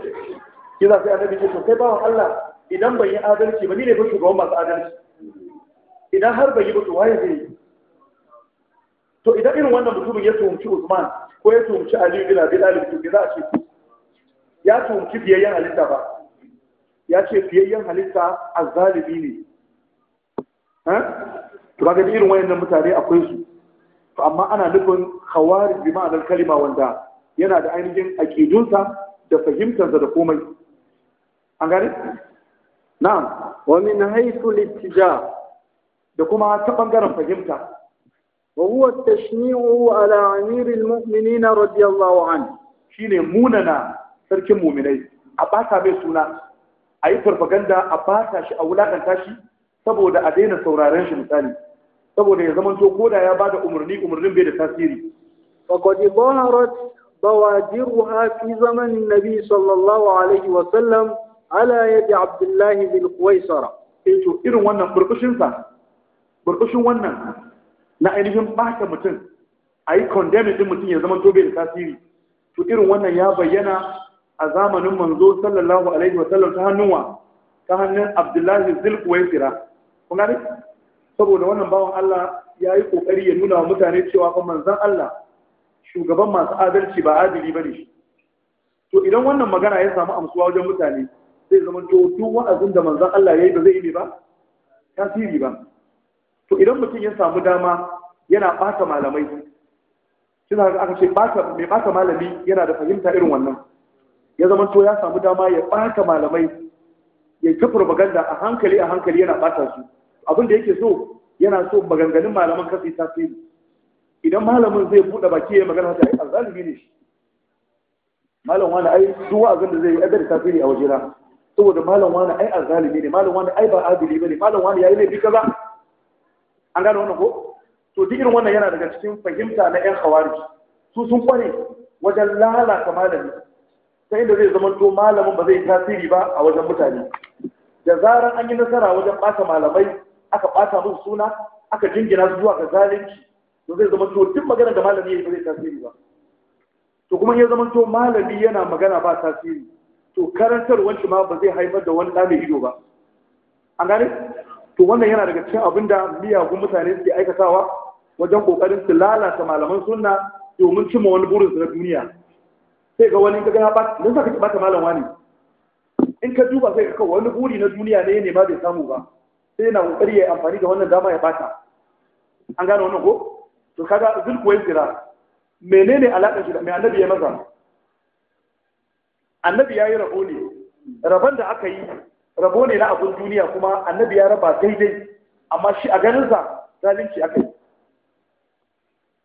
kila sai annabi ce to kai bawan Allah idan ban yi adalci ba ni ne ba shugaban masu adalci idan har ban yi ba to waye zai yi to idan irin wannan mutumin ya tuhumci Usman ko ya tuhumci Ali bin Abi Talib to za a ce ya tuhumci biyayyen halitta ba ya ce biyayyen halitta azzalimi ne ha to kaga irin wayannan mutane akwai su to amma ana nufin khawarij bi ma'anar kalima wanda yana da ainihin aqidunsa da fahimtarsa da komai an gane na'am wa min haythu litija. da kuma ta bangaren fahimta wa huwa tashni'u ala al-mu'minin radiyallahu anhu shine munana sarkin mu'minai a bata mai suna a yi farfaganda a bata shi a wulakanta shi saboda a daina sauraren shi misali saboda ya zamanto ko da ya bada umarni umarnin bai da tasiri faqad zaharat bawajiruha fi zamanin nabi sallallahu alaihi wa sallam ala yadi abdullah bin qaisara eh to irin wannan burkushin sa burkushin wannan na ainihin bata mutum ayi condemn din mutum ya zamanto bai da tasiri to irin wannan ya bayyana a zamanin manzo sallallahu alaihi wa sallam ta hannuwa ta hannun abdullahi zilkuwaisira kun ne? saboda wannan bawan Allah ya yi ƙoƙari ya nuna wa mutane cewa fa manzan Allah shugaban masu adalci ba adili ba ne to idan wannan magana ya samu amsuwa wajen mutane zai zama to duk wa'azin da manzan Allah ya yi ba zai yi ba tasiri ba to idan mutum ya samu dama yana ɓata malamai shi za aka ce mai ɓata malami yana da fahimta irin wannan ya zama to ya samu dama ya ɓata malamai ya ta a hankali a hankali yana ɓata su abin da yake so yana so maganganun malaman kasa yi tasiri idan malamin zai buɗe baki ya magana ta a azalimi ne shi malam wani ai zuwa abin da zai yi adar tasiri a wajena saboda malam wani ai azalimi ne malam wani ai ba adili ne malam wani yayi laifi kaza an gane wannan ko to duk irin wannan yana daga cikin fahimta na yan hawari su sun kware wajen lalata malami ta inda zai zama to malamin ba zai tasiri ba a wajen mutane da zaran an yi nasara wajen ɓata malamai aka ɓata musu suna aka jingina su zuwa ga zalunci to zai zama to duk magana da malami yayi ba zai tasiri ba to kuma ya zama to malami yana magana ba tasiri to karantarwar shi ma ba zai haifar da wani ɗa ido ba an gane to wannan yana daga cikin abin da miyagun mutane suke aikatawa wajen kokarin su lalata malaman sunna domin cimma wani burinsu na duniya sai ga wani ka ga ba dan saka ba ta malam wani in ka duba sai ka wani buri na duniya ne ne ma bai samu ba sai yana kokari ya amfani da wannan dama ya bata an gane wannan ko to kaga ko yira menene alaƙar shi da mai annabi ya maza annabi ya yi rabo ne rabon da aka yi rabo ne na abin duniya kuma annabi ya raba daidai amma shi a sa zalunci aka yi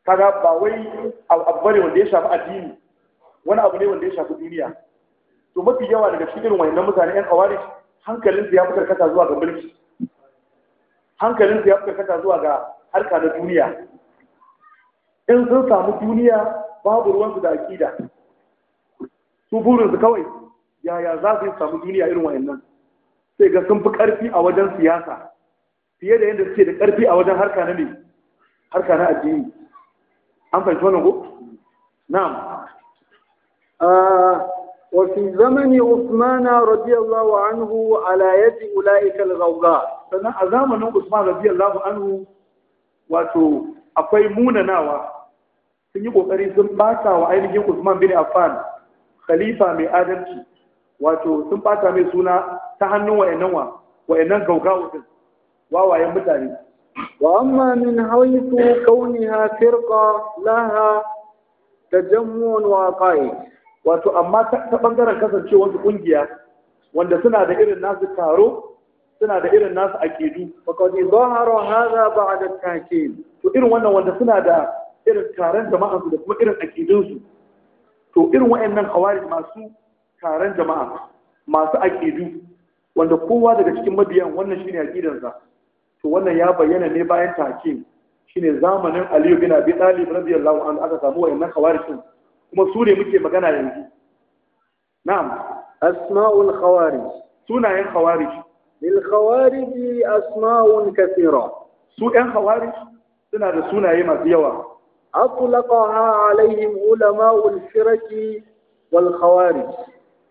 kaga ba wai abu ne wanda ya shafi addini wani abu ne wanda ya shafi duniya to mafi yawa daga cikin irin wayannan mutane yan awari hankalinsu ya fi karkata zuwa ga mulki hankalinsu ya kasa zuwa ga harka na duniya in sun samu duniya babu ruwansu da akida su burinsu kawai yaya za su samu duniya irin wayannan sai ga sun fi ƙarfi a wajen siyasa fiye da yadda suke da ƙarfi a wajen harka na ne harka na addini an fahimci wannan ko na'am ah, وفي زمن عثمان رضي الله عنه على يد اولئك الغوغاء فانا زمن عثمان رضي الله عنه واتو اكوي مونناوا sun yi ƙoƙari sun ɓata wa ainihin Usman bin Affan khalifa mai adalci wato sun ɓata mai suna ta hannun wa'annan wa wa'annan gaugawa mutane wa amma min hawaitu kauniha firqa laha tajammu'un wa qa'id wato amma ta bangaren kasance wasu kungiya wanda suna da irin nasu taro suna da irin nasu aqidu faqad zahara a ba'da takin to irin wannan wanda suna da irin taron jama'a su da kuma irin aqidun su to irin nan khawarij masu taron jama'a masu aqidu wanda kowa daga cikin mabiyan wannan shine aqidansa to wannan ya bayyana ne bayan Shi shine zamanin Aliyu bin Abi Talib radiyallahu anhu aka samu wayannan sun kuma su ne muke magana yanzu na'am asma'ul khawarij sunayen khawarij lil khawarij asma'un kathira su ɗan khawarij suna da sunaye masu yawa alaihim ulama'ul علماء wal Khawarij.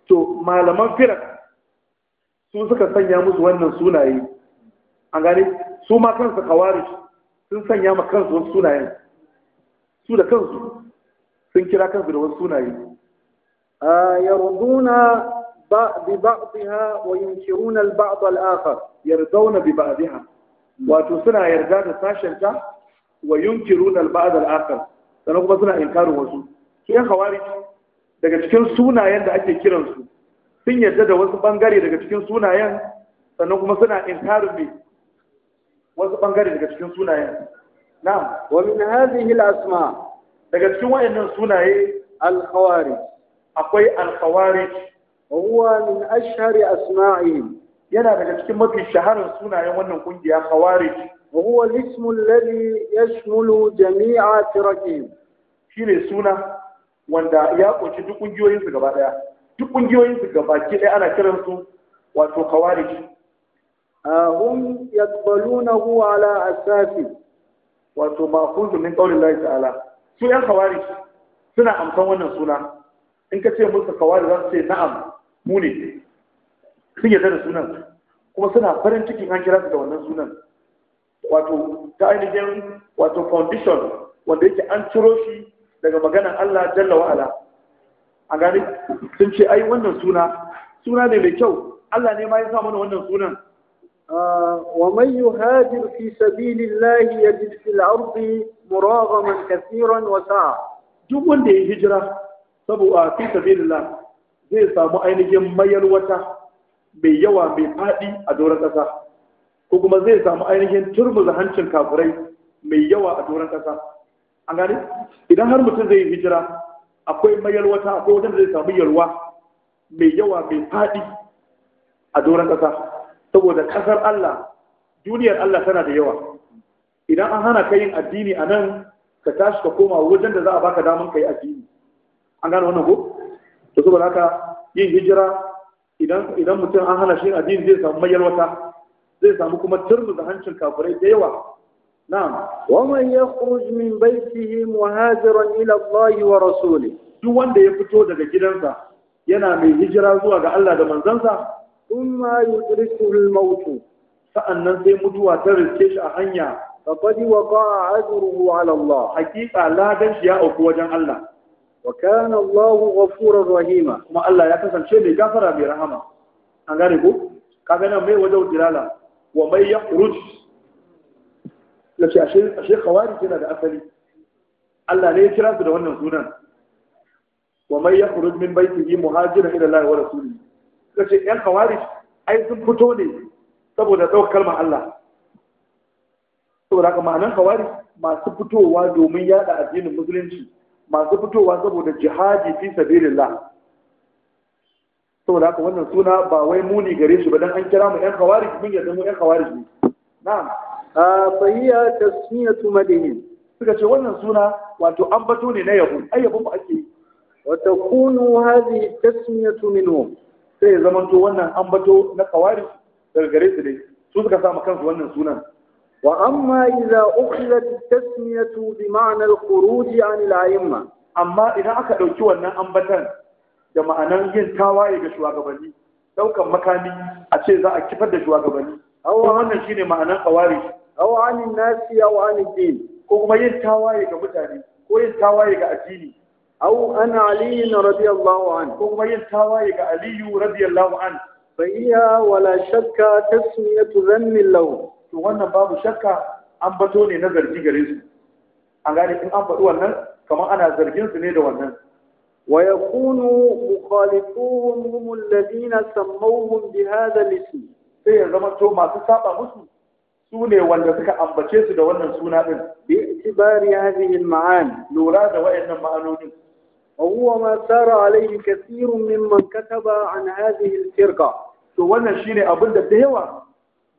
to malaman firak su suka sanya musu wannan sunaye an gane su ma kansu Khawarij sun sanya ma kansu wasu sunayen su da kansu sun kira kansu da wasu sunaye yarduna bi ba'dha wa yunkiruna al-ba'd al-akhar yarduna bi ba'dha wato suna yarda da sashenta wa yunkiruna al-ba'd al-akhar sannan kuma suna inkarin wasu su ya khawarij daga cikin sunayen da ake kiransu sun yarda da wasu bangare daga cikin sunayen sannan kuma suna inkarin me wasu bangare daga cikin sunayen Na wa min hadhihi al-asma' daga cikin wayannan sunaye al-khawarij akwai al-khawarij wa huwa min ashhari asma'i yana daga cikin mafi shaharar sunayen wannan kungiya khawarij wa huwa al-ismu alladhi yashmulu jami'a firaqihim shine suna wanda ya kunshi duk kungiyoyin su gaba daya duk kungiyoyin su gaba ki daya ana kiransu wato khawarij hum yaqbalunahu ala asasi wato ma'khuzun min qawli Allah ta'ala su yan kawari suna amsan wannan suna in ka ce musu kawari za su ce na'am mu ne sun yarda da sunan kuma suna farin cikin an kira su da wannan sunan wato ta ainihin wato foundation wanda yake an ciro shi daga maganan Allah jalla wa'ala a gani sun ce ai wannan suna suna ne mai kyau Allah ne ma ya sa mana wannan sunan ومن يهاجر في سبيل الله يجد في الأرض مراغما كثيرا وسعة duk wanda ya hijira saboda fi sabilillah zai samu ainihin mayar wata mai yawa mai faɗi a doron ƙasa ko kuma zai samu ainihin turmuza hancin kafurai mai yawa a doron ƙasa an gani idan har mutum zai yi hijira akwai mayar wata akwai wanda zai samu yarwa mai yawa mai faɗi a doron ƙasa saboda kasar Allah duniyar Allah tana da yawa idan an hana ka yin addini a nan ka tashi ka koma wajen da za a baka daman ka yi addini an gane wannan ko to saboda haka yin hijira idan idan mutum an hana shi addini zai samu mayalwata zai samu kuma turmi da hancin kafirai da yawa na'am wa man yakhruj min baytihi muhajiran ila Allah wa rasulih duk wanda ya fito daga gidansa yana mai hijira zuwa ga Allah da manzansa yi yudrikuhu al sa’an sa'annan sai mutuwa ta riske shi a hanya faqad waqa'a ajruhu wa Allah hakika ladan shi ya auku wajen Allah wa kayan Allah ghafurur rahima kuma Allah ya kasance mai gafara mai rahama an gane ko kafin nan mai wajen jirala wa mai yakhruj lace ashe shi khawarij yana da asali Allah ne ya kira su da wannan sunan wa mai ƙuruci min yi muhajiran ila Allah wa rasulun suka ce yan kawari ai sun fito ne saboda ɗaukar kalmar Allah saboda ma'anan kawari masu fitowa domin yada addinin musulunci masu fitowa saboda jihadi fi sabilillah saboda haka wannan suna ba wai muni gare shi ba dan an kira mu yan kawari mun yarda mu yan kawari ne na'am fahiya tasmiyatu madinin suka ce wannan suna wato an bato ne na yabon, ai yabo ba ake wa takunu hadhihi tasmiyatu minhum sai ya zamanta wannan ambato na kawari daga gare su dai su suka samu kansu wannan sunan wa amma idza ukhilat tasmiyatu bi ma'na al-khuruj an al-a'imma amma idan aka dauki wannan ambatan da ma'anan yin tawaye ga shugabanni daukan makami a ce za a kifar da shugabanni aw wannan shine ma'anan kawari aw an nasi aw an din ko kuma yin tawaye ga mutane ko yin tawaye ga addini أو أن علي رضي الله عنه كما ينتهى علي رضي الله عنه فهي ولا شك تسمية ذم له وأن باب شك أنبتوني نظر جيجريز أغاني إن أنبت وأنن كما أنا زرجين سنيد وأنن ويكون مخالفوهم هم الذين سموهم بهذا الاسم sai ya zama to masu saba musu su ne wanda suka ambace su da wannan suna din bi itibari hadhihi al-ma'an lura da wayannan ma'anonin وهو ما سار عليه كثير ممن كتب عن هذه الفرقة to wannan shine abin da da yawa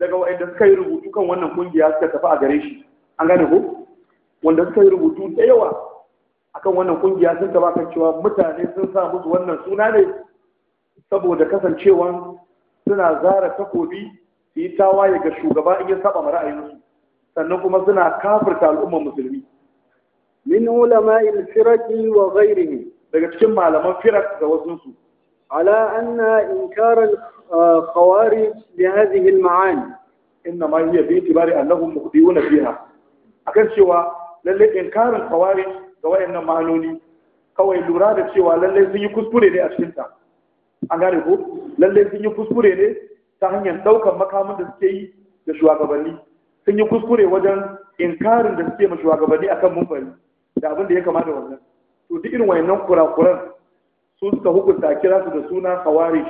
daga waɗanda suka yi rubutu kan wannan kungiya suka tafi a gare shi an gane ko wanda suka yi rubutu da yawa akan wannan kungiya sun tafi kan cewa mutane sun sa musu wannan suna ne saboda kasancewan suna zara takobi su yi tawaye ga shugaba in ya saba ma ra'ayinsu sannan kuma suna kafirta al'ummar musulmi min ulama al-firqi wa ghayrihi daga cikin malaman firaq da wasu su ala anna inkar al-khawarij ah, li hadhihi al-ma'ani inna ma hiya bi itibari annahum muqdiuna fiha akan cewa lalle inkarin khawarij ga wayannan ma'anoni kawai lura da cewa lalle sun yi kuskure ne a cikin ta an gane ko lalle sun yi kuskure ne ta hanyar daukar makamin da suke yi da shugabanni sun yi kuskure wajen inkarin da suke ma shugabanni akan mumbai da abin da ya kama da wannan to duk irin wayannan kurakuran su suka hukunta kira su da suna khawarij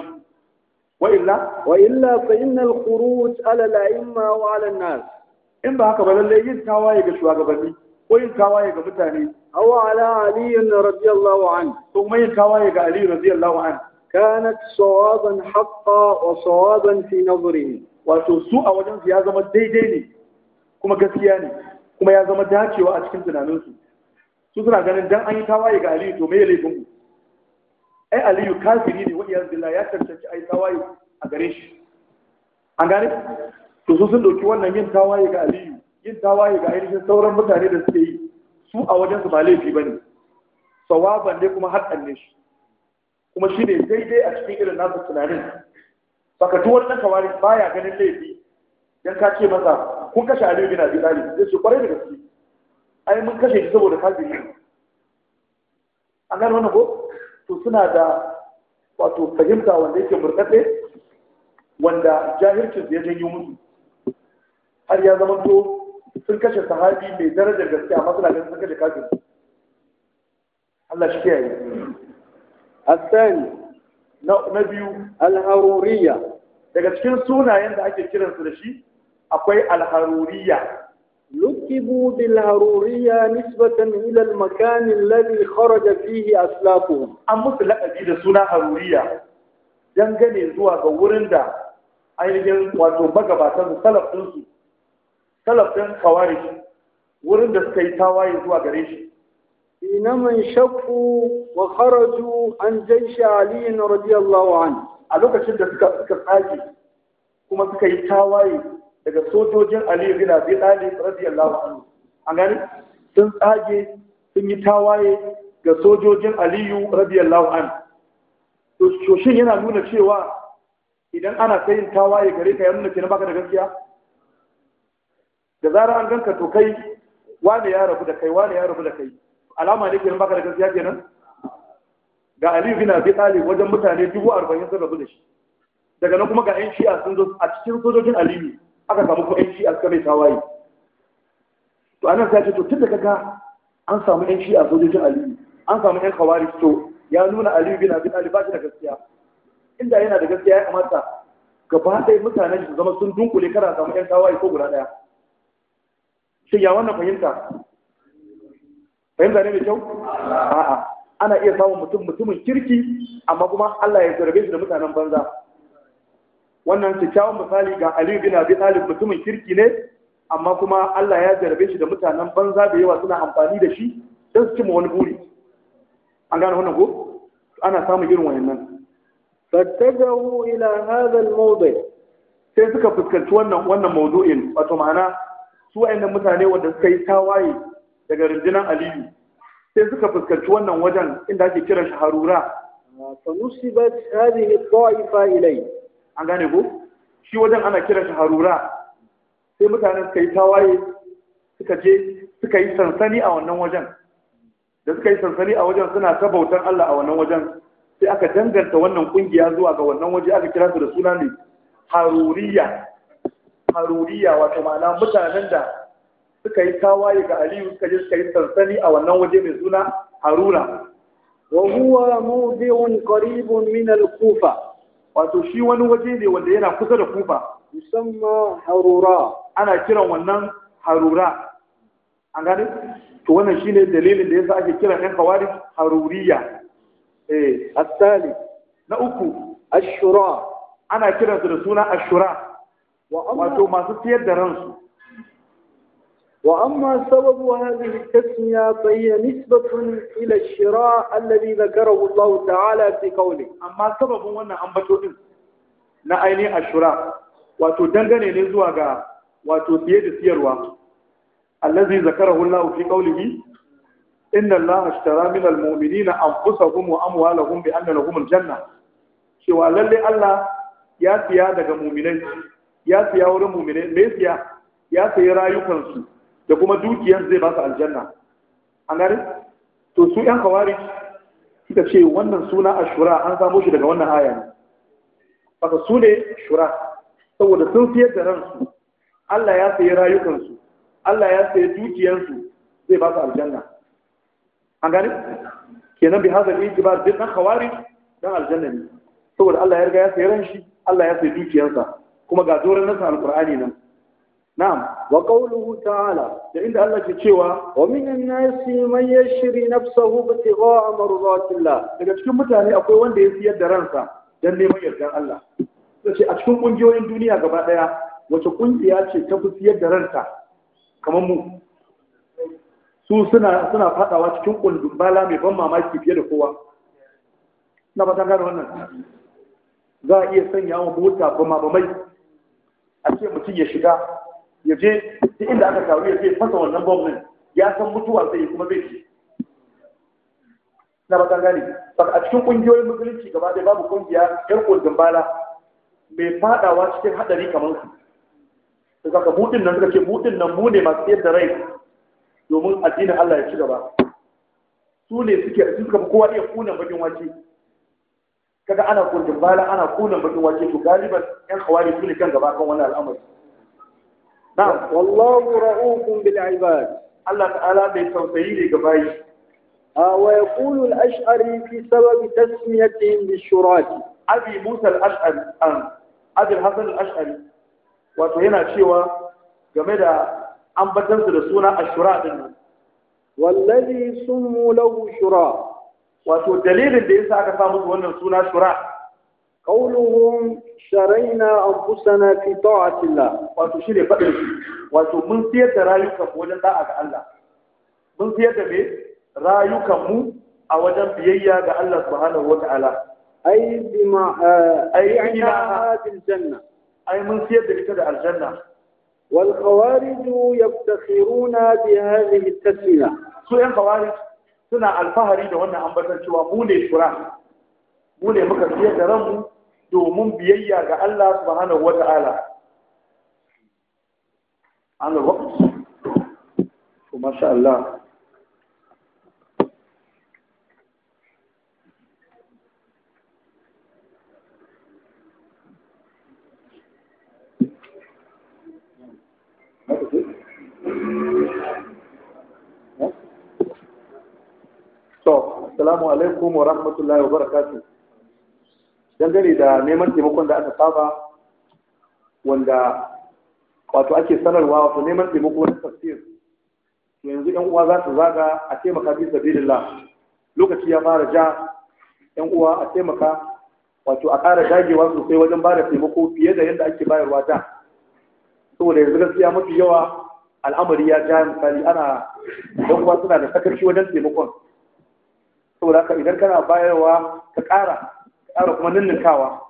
wa illa wa illa fa innal khuruj ala al wa ala nas in ba haka ba lalle yin tawaye ga shugabanni ko yin tawaye ga mutane aw ala ali radiyallahu an ko kuma yin tawaye ga ali radiyallahu an kanat sawaban haqqan wa sawaban fi nazrihi wato su a wajen su ya zama daidai ne kuma gaskiya ne kuma ya zama dacewa a cikin tunaninsu su suna ganin dan an yi tawaye ga aliyu to me ya laifin ku ai aliyu kafiri ne wani yanzu ya cancanci ai tawaye a gare shi an gane to su sun dauki wannan yin tawaye ga aliyu yin tawaye ga ainihin sauran mutane da suke yi su a wajen su ba laifi bane sawaban ne kuma haƙƙan ne shi kuma shi ne daidai a cikin irin nasu tunanin baka tuwar wani kawari baya ganin laifi dan ka ce masa kun kashe aliyu bin abi talib zai ce kwarai da gaske ai mun kashe shi saboda kafiri an gane wannan ko to suna da wato fahimta wanda yake burkatse wanda jahilcin ya janyo musu har ya zama to sun kashe sahabi mai darajar gaske amma suna ganin sun kashe kafiri Allah shi kiyaye na biyu alharuriya. daga cikin sunayen da ake kiransu da shi akwai alharuriya لكبوا بالهرورية نسبة إلى المكان الذي خرج فيه أسلافهم أمس لقبي da suna haruriya dangane zuwa ga wurin da ainihin wato magabatan salafin su salafin khawarij wurin da suka yi tawaye zuwa gare shi ina man shakku wa kharaju an jaysh ali radiyallahu anhu a lokacin da suka suka tsaki kuma suka yi tawaye daga sojojin Ali bin Abi Talib radiyallahu anhu an gani sun tsage sun yi tawaye ga sojojin Aliyu radiyallahu anhu to shin yana nuna cewa idan ana kai yin tawaye gare ka ya nuna kenan baka da gaskiya da zarar an ganka to kai wane ya rabu da kai wane ya rabu da kai alama ne kenan baka da gaskiya kenan ga Aliyu bin Abi Talib wajen mutane dubu arba'in sun rabu da shi daga nan kuma ga 'yan shi'a sun zo a cikin sojojin Aliyu aka samu ko yan a suka mai tawaye to anan sai ce to tun da kaga an samu yan a sojojin aliyu an samu yan kawari to ya nuna aliyu bin abin ali ba da gaskiya inda yana da gaskiya ya kamata gaba ɗaya mutanen su zama sun dunkule kana samu yan tawaye ko guda ɗaya shin ya wannan fahimta fahimta ne mai kyau a'a ana iya samun mutum mutumin kirki amma kuma Allah ya zarbe shi da mutanen banza wannan kyakkyawan misali ga Aliyu bin Abi Talib mutumin kirki ne amma kuma Allah ya jarabe shi da mutanen banza da yawa suna amfani da shi don su cimma wani buri an gane wannan ko ana samun irin wayannan fattajahu ila hadha al-mawdi sai suka fuskanci wannan wannan mawdu'in wato ma'ana su wayannan mutane wanda suka yi tawaye daga rinjinan Aliyu sai suka fuskanci wannan wajen inda ake kiran shi Harura fa nusibat hadhihi ad-da'ifa ilayhi an gane ko shi wajen ana kiran shi harura sai mutane suka yi tawaye suka je suka yi sansani a wannan wajen da suka yi sansani a wajen suna ta bautan Allah a wannan wajen sai aka danganta wannan kungiya zuwa ga wannan waje aka kira su da suna ne haruriya haruriya wato ma'ana mutanen da suka yi tawaye ga Aliyu suka je suka yi sansani a wannan waje mai suna Harura wa huwa mawdi'un qaribun min al-Kufa wato shi wani waje ne wanda yana kusa da kufa musamman harura ana kiran wannan harura an gane to wannan shine dalilin da yasa ake kiran ɗan kawari haruriya eh asali na uku ashura ana kiransu da suna ashura wato masu siyar da ransu وأما سبب هذه التسمية فهي نسبة إلى الشراء الذي ذكره الله تعالى في قوله أما سبب وانا أنبتو na ainihin ashura wato dangane ne zuwa ga wato siye da siyarwa allazi zakarahu Allah fi qawlihi inna Allah ashtara min almu'minina anfusahum wa amwalahum bi anna lahum aljanna cewa lallai Allah ya siya daga mu'minai ya siya wurin mu'minai ya sayi rayukansu da kuma dukiyar zai ba su aljanna an gari to su yan kawari suka ce wannan suna ashura an samo shi daga wannan aya ne baka su ne shura saboda sun fiye da ransu Allah ya sayi rayukansu Allah ya sayi dukiyarsu zai ba su aljanna an gari kenan bi hazal ijbar duk dan kawari dan aljanna ne saboda Allah ya riga ya sayi ran shi Allah ya sayi dukiyarsa kuma ga doron nasa alqur'ani nan na'am wa qawluhu ta'ala da inda Allah ke cewa wa minan nasi man yashri nafsahu ibtigha'a mardatillah daga cikin mutane akwai wanda ya siyar da ransa dan neman yardan Allah sai a cikin kungiyoyin duniya gaba ɗaya wace kungiya ce ta fi siyar da ranta kamar mu su suna suna fadawa cikin kundumbala mai ban mamaki fiye da kowa na ba gane wannan za a iya sanya wa mota ba ma ba a ce mutum ya shiga ya je duk inda aka taru ya ce fasa wannan bomb din ya san mutuwa zai yi kuma zai ci na bakan gani a cikin kungiyoyin musulunci gaba ɗaya babu kungiya yar kundin bala mai fadawa cikin hadari kamar su su kaka mudin nan suka ce mudin nan mu ne masu tsayar da rai domin addinin Allah ya ci gaba su ne suke suka kowa iya kuna bakin wace kaga ana kundin bala ana kunan bakin wace to galiban yan hawari su ne kan gaba kan wannan al'amari na'am wallahu ra'ufun bil Allah ta'ala bai tausayi ne ga bayi wa yaqulu al ash'ari fi sabab tasmiyatihim bi shurat abi musa al ash'ari an abi hasan al ash'ari wato yana cewa game da ambatansu da suna ashura shura wato dalilin da yasa aka samu wannan suna shura sharai na قولهم شرينا أنفسنا في طاعة الله faɗin فقر wato mun siyar da rayukanmu wajen da'a ga Allah mun siyar da me rayukanmu a wajen biyayya ga Allah subhanahu wata'ala ai bima ai ina hadin janna ai mun siyar da ita da aljanna wal khawarij yaftakhiruna bi hadhihi at-tasmiyah su yan khawarij suna alfahari da wannan ambatan cewa mu ne shura mu ne muka siyar da ranmu domin biyayya ga Allah subhanahu wa ta'ala an da waƙi to masha Allah To, alaikum wa rahmatullahi wa barakatuh. dangane da neman taimakon da aka saba wanda wato ake sanarwa wato neman taimako na tafsir to yanzu yan uwa za su zaga a taimaka bi sabilillah lokaci ya fara ja yan uwa a taimaka wato a ƙara dagewa sosai wajen ba da taimako fiye da yadda ake bayarwa da saboda yanzu gaskiya mafi yawa al'amari ya ja misali ana yan uwa suna da sakarci wajen taimakon saboda haka idan kana bayarwa ka ƙara ƙara kuma ninninkawa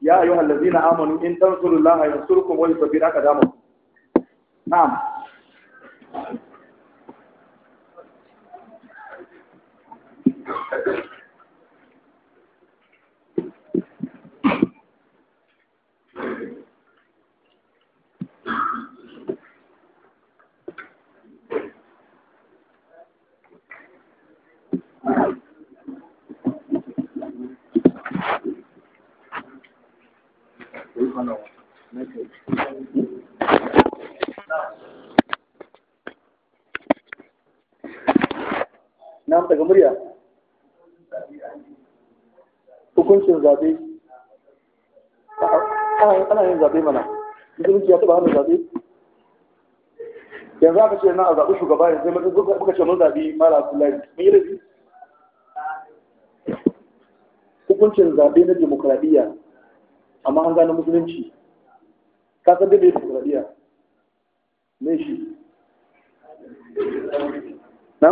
ya ayu na amanu in tansurullaha yansurkum wa yusabbir aqdamakum na'am Thank you. na daga murya hukuncin zaɓe ana yin zaɓe mana musulunci ya taɓa hana zaɓe yanzu aka ce na a zaɓi shugaba yanzu sai muka ce mun zaɓi mala abdullahi mun yi rabi hukuncin zaɓe na demokradiyya amma an gani musulunci ka san dai bai demokradiyya me shi na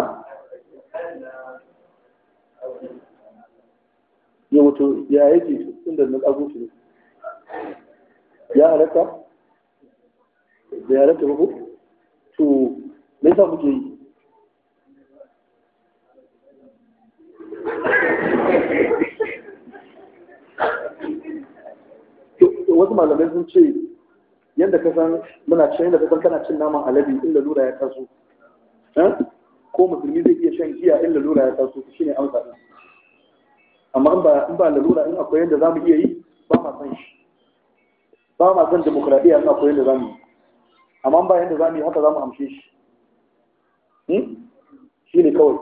ya mutu ya yake inda na tsago shi ya halatta da ya halatta ko to me yasa muke yi wasu malamai sun ce yadda ka san muna cin yadda ka san kana cin naman alade in lura ya taso eh? ko musulmi zai iya shan giya in lura ya taso shine amsa din amma in ba lalura in akwai yadda za mu iya yi ba ma san shi ba ma san demokuraɗiyya in akwai yadda mu yi amma ba yadda za mu yi haka za mu amshe shi hmm? shi ne kawai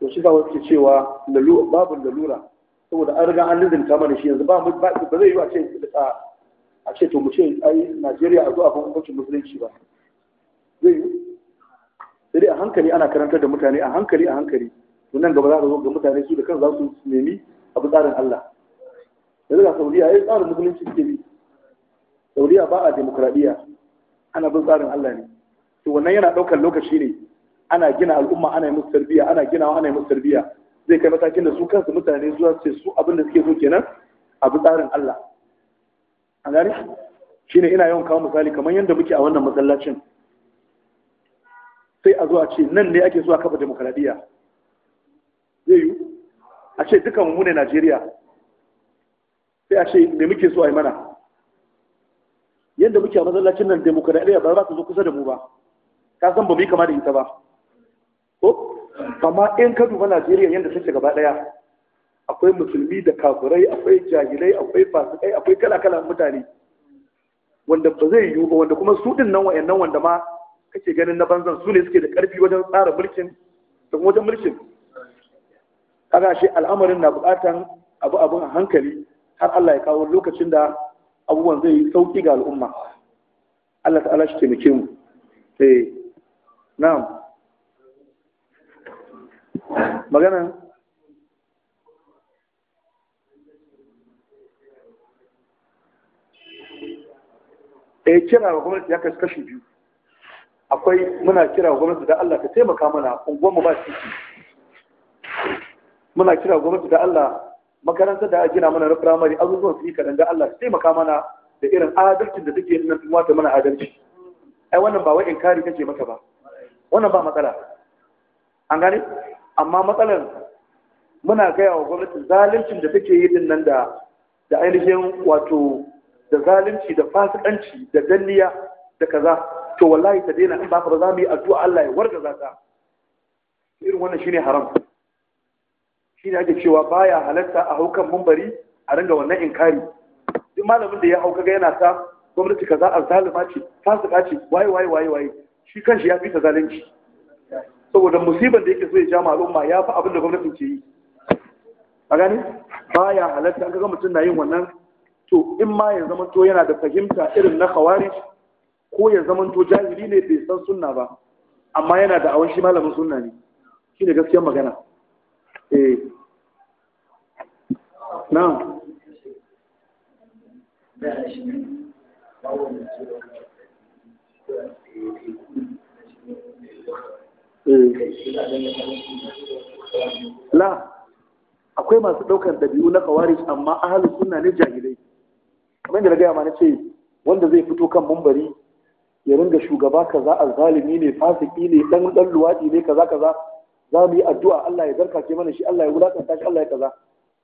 to shi ga wasu cewa babu lalura saboda an riga an lizinta mana shi yanzu ba ba zai yi a ce a ce to mu ce ai Najeriya a zo a hukuncin musulunci ba zai yi sai a hankali ana karantar da mutane a hankali a hankali to nan gaba za ka zo ga mutane su da kan za su nemi abu tsarin Allah yanzu ga Saudiya ai tsarin musulunci suke bi Saudiya ba a demokradiya ana bin tsarin Allah ne to wannan yana ɗaukar lokaci ne ana gina al'umma ana yi musu tarbiyya ana ginawa ana yi musu tarbiyya zai kai matakin da su kansu mutane zuwa ce su abin da suke so kenan abu tsarin Allah a shi ne ina yawan kawo misali kamar yadda muke a wannan masallacin sai a zo a ce nan ne ake so a kafa demokradiyya zai yi a ce dukan mu ne Najeriya sai a ce me muke so a yi mana yadda muke a masallacin nan demokradiyya ba za ta zo kusa da mu ba ka san ba mu yi kama da ita ba ko amma in ka duba najeriya yadda take gaba daya akwai musulmi da kafurai, akwai jahilai akwai fasikai akwai kala-kala mutane wanda ba zai yiwu ba wanda kuma su din nan wayannan wanda ma kake ganin na banzan su ne suke da karfi wajen tsara mulkin da wajen mulkin kaga shi al'amarin na bukatan abu abun a hankali har Allah ya kawo lokacin da abubuwan zai yi sauki ga al'umma Allah ta'ala shi taimake mu eh na'am magana eh kira wa gwamnati ya kashe kashi biyu akwai muna kira wa gwamnati da Allah ka taimaka mana unguwanmu ba titi muna kira wa gwamnati da Allah makarantar da gina mana na firamare abubuwan su yi kaɗan da Allah ka taimaka mana da irin adalcin da take nan kuma ta mana adalci ai wannan ba wai inkari kake mata ba wannan ba matsala an gane amma matsalar muna gaya wa gwamnati zaluncin da take yi din nan da da ainihin wato da zalunci da fasikanci da danniya da kaza to wallahi ta daina in ba ka za mu yi addu'a Allah ya wargaza ta irin wannan shine haram shine ake cewa baya halatta a haukan mumbari a ringa wannan inkari duk malamin da ya hauka ga yana ta gwamnati kaza azzalima ce fasika ce waye waye waye waye shi kanshi ya fita zalunci saboda musibar da yake so ya jama al'umma ya fi abin da gwamnatin ce yi a gani ya halatta an kaga mutum na yin wannan to in ma ya zama to yana da fahimta irin na khawarij ko ya zama to jahili ne bai san sunna ba amma yana da awan malamin sunna ne shine gaskiyar magana Thank eh. you. la akwai masu ɗaukar ɗabi'u na khawarij amma ahalin suna ne jahilai kamar da gaya ma na ce wanda zai fito kan mumbari ya ringa shugaba kaza zalimi ne fasiki ne dan dan luwadi ne kaza kaza za mu yi addu'a Allah ya ke mana shi Allah ya wulakanta shi Allah ya kaza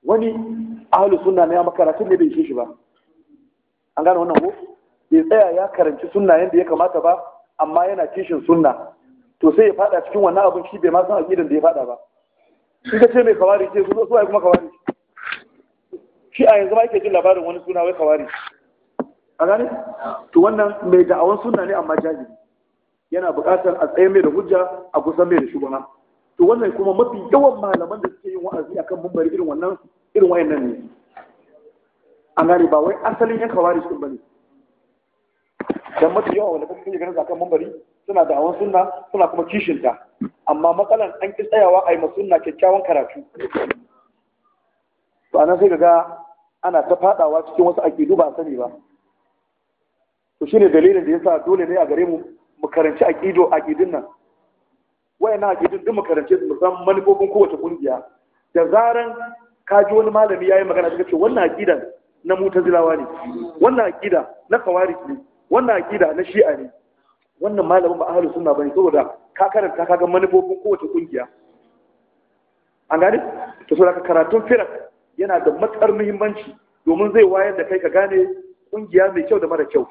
wani ahalin sunna ne a makaratun ne bai shi shi ba an gane wannan ko bai tsaya ya karanci sunna yanda ya kamata ba amma yana kishin sunna to sai ya fada cikin wannan abin shi bai ma san aqidan da ya fada ba shi ka ce mai kawari ce su su ai kuma kawari shi a yanzu ma yake jin labarin wani suna wai kawari a gane to wannan mai da'awan sunna ne amma jahili yana buƙatar a tsaye mai da hujja a kusan mai da shugaba to wannan kuma mafi yawan malaman da suke yin wa'azi akan mumbari irin wannan irin wayannan ne an gane ba wai asalin yan kawari sun bane dan mafi yawa wanda kake ganin akan mumbari suna da awon sunna suna kuma kishinta amma matsalan an ki tsayawa a yi sunna kyakkyawan karatu Ba anan sai ga ana ta fadawa cikin wasu aƙidu ba sani ba to shine dalilin da ya sa dole ne a gare mu mu karanci aƙido aƙidun nan na aƙidun duk mu karance su san manufofin kowace kungiya da zaran ka ji wani malami yayi magana suka ce wannan aƙidan na mutazilawa ne wannan aƙida na khawarij ne wannan aƙida na shi'a ne wannan malamin ba suna sunna bane saboda ka karanta ka ga manufofin kowace kungiya an gane to saboda karatun firak yana da matsar muhimmanci domin zai wayar da kai ka gane kungiya mai kyau da mara kyau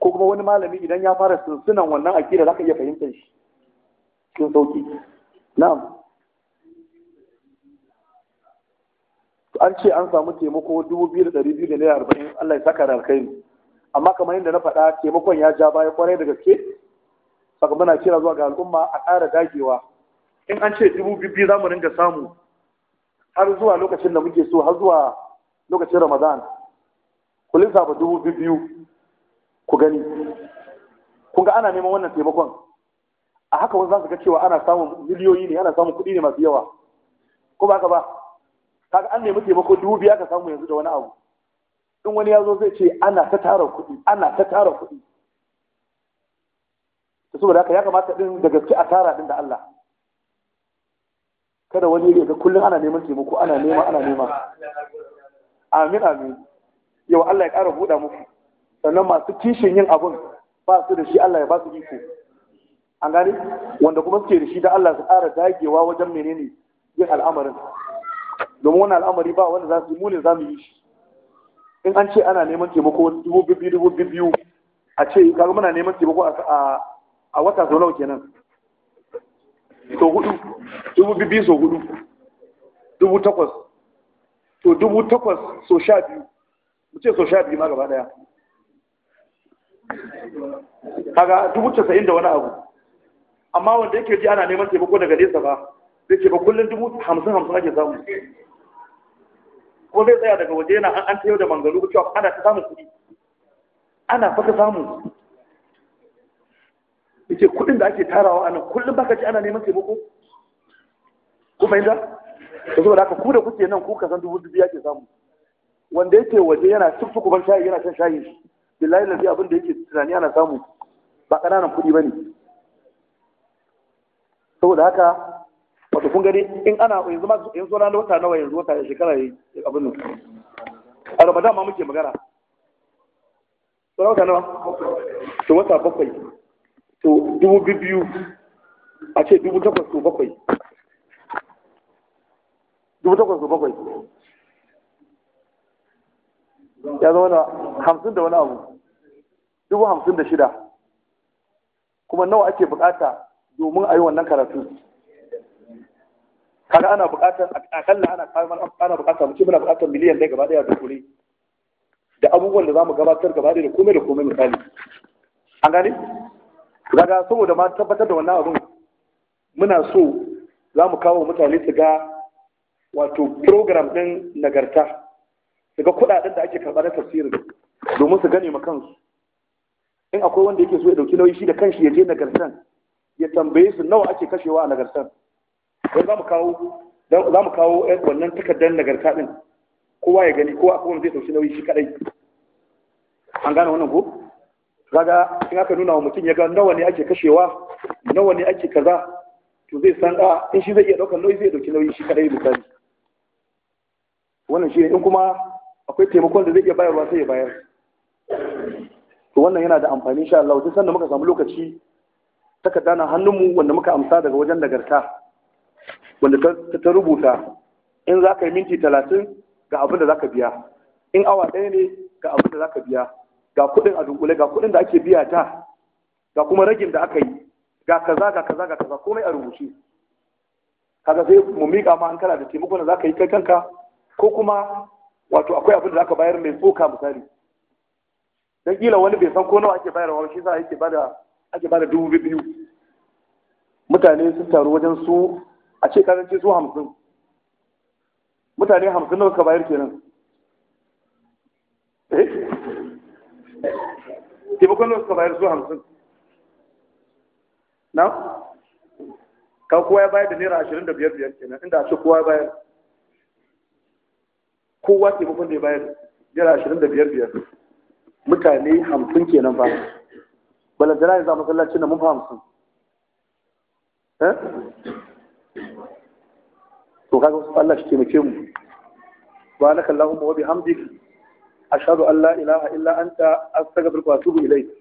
ko kuma wani malami idan ya fara sunan wannan akida zaka iya fahimtar shi cikin sauki na'am an ce an samu taimako 2240 Allah ya saka da alkhairi amma kamar yadda na faɗa taimakon ya ja baya kwarai da gaske saka muna kira zuwa ga al'umma a ƙara dagewa in an ce dubu biyu za mu ringa samu har zuwa lokacin da muke so har zuwa lokacin ramadan ku lissafa dubu biyu ku gani kun ga ana neman wannan taimakon a haka wani za su ga cewa ana samun miliyoyi ne ana samun kuɗi ne masu yawa ko ba ka ba kaga an nemi taimako dubu biyu aka samu yanzu da wani abu in wani ya zo zai ce ana ta tara kuɗi ana ta tara kuɗi saboda haka ya kamata din da gaske a tara din da Allah kada wani ya ga kullum ana neman taimako ana nema ana nema amin amin yau Allah ya ƙara buɗa muku sannan masu kishin yin abun ba su da shi Allah ya ba su iko an gane wanda kuma suke da shi da Allah su ƙara dagewa wajen menene yin al'amarin domin wani al'amari ba wanda za su yi mu ne za mu yi shi in an ce ana neman taimako dubu biyu dubu biyu a ce kaga muna neman taimako a wata sau nawa kenan so hudu dubu biyu so hudu dubu takwas to dubu takwas so sha biyu mu ce so sha biyu ma gaba daya kaga dubu casa'in da wani abu amma wanda yake ji ana neman taimako daga nesa ba da ce ba kullum dubu hamsin hamsin ake samu ko zai tsaya daga waje yana an tayo da mangalu cewa ana ta samun kuɗi ana fata samu. yace kudin da ake tarawa anan kullum baka ci ana neman taimako ku fahimta to saboda haka ku da kuke nan ku san dubu dubu yake samu wanda yake waje yana tuffu kuban shayi yana shan shayi billahi lazi abin da yake tunani ana samu ba ƙananan kuɗi bane saboda haka wato kun gani in ana yanzu ma yanzu na wata nawa yanzu wata ya shekara ya abin nan a ramadan ma muke magana to wata nawa to wata bakwai to dubu biyu a ce dubu takwas to bakwai dubu takwas to bakwai ya zama da hamsin da wani abu dubu hamsin da shida kuma nawa ake bukata domin a yi wannan karatu kaga ana buƙatar akalla ana kamar ana bukatar mu ce muna bukatar miliyan ɗaya gaba ɗaya da kure da abubuwan da zamu gabatar gaba ɗaya da komai da komai misali an gane daga saboda ma tabbatar da wannan abun muna so za mu kawo mutane su ga wato program ɗin nagarta su ga kuɗaɗen da ake karɓa na tafsirin domin su gane ma kansu in akwai wanda yake so ya ɗauki nauyi shi da kanshi ya je nagartan ya tambaye su nawa ake kashewa a nagartan wai za mu kawo za mu kawo eh, wannan takardar nagarta din kowa ya gani kowa akwai wanda zai sauki nauyi shi kadai an gane wannan ko kaga in aka nuna wa mutum ya ga nawa ne ake kashewa nawa ne ake kaza to zai san a ah, in shi zai iya daukar nauyi zai dauki nauyi shi kadai misali wannan shi in kuma akwai taimakon da zai iya bayarwa sai ya bayar to wannan yana da amfani insha Allah duk sanda muka samu lokaci takarda na hannunmu wanda muka amsa daga wajen nagarta wanda ta rubuta in za ka yi minti talatin ga abin da za ka biya in awa ɗaya ne ga abin da za ka biya ga kuɗin a dunkule ga kuɗin da ake biya ta, ga kuma ragin da aka yi ga kaza ga kaza ga kaza komai a rubuce kaga sai mu miƙa ma an kana da taimako da za ka yi kai kanka ko kuma wato akwai abin da za ka bayar mai tsoka misali dan kila wani bai san ko nawa ake bayarwa shi sa yake bada ake bada dubu biyu mutane sun taru wajen su a ce ka zance su hamsin mutane hamsin nawa ka bayar kenan eh taimakon nawa ka bayar su hamsin na ka kowa ya bayar da naira ashirin da biyar biyar kenan inda a ce kowa ya bayar kowa taimakon da ya bayar naira ashirin da biyar biyar mutane hamsin kenan ba balantana ya za masallacin na mun fa hamsin eh? to kaga Allah shi taimake mu subhanakallahumma wa bihamdik ashhadu an la ilaha illa anta astaghfiruka wa atubu ilayk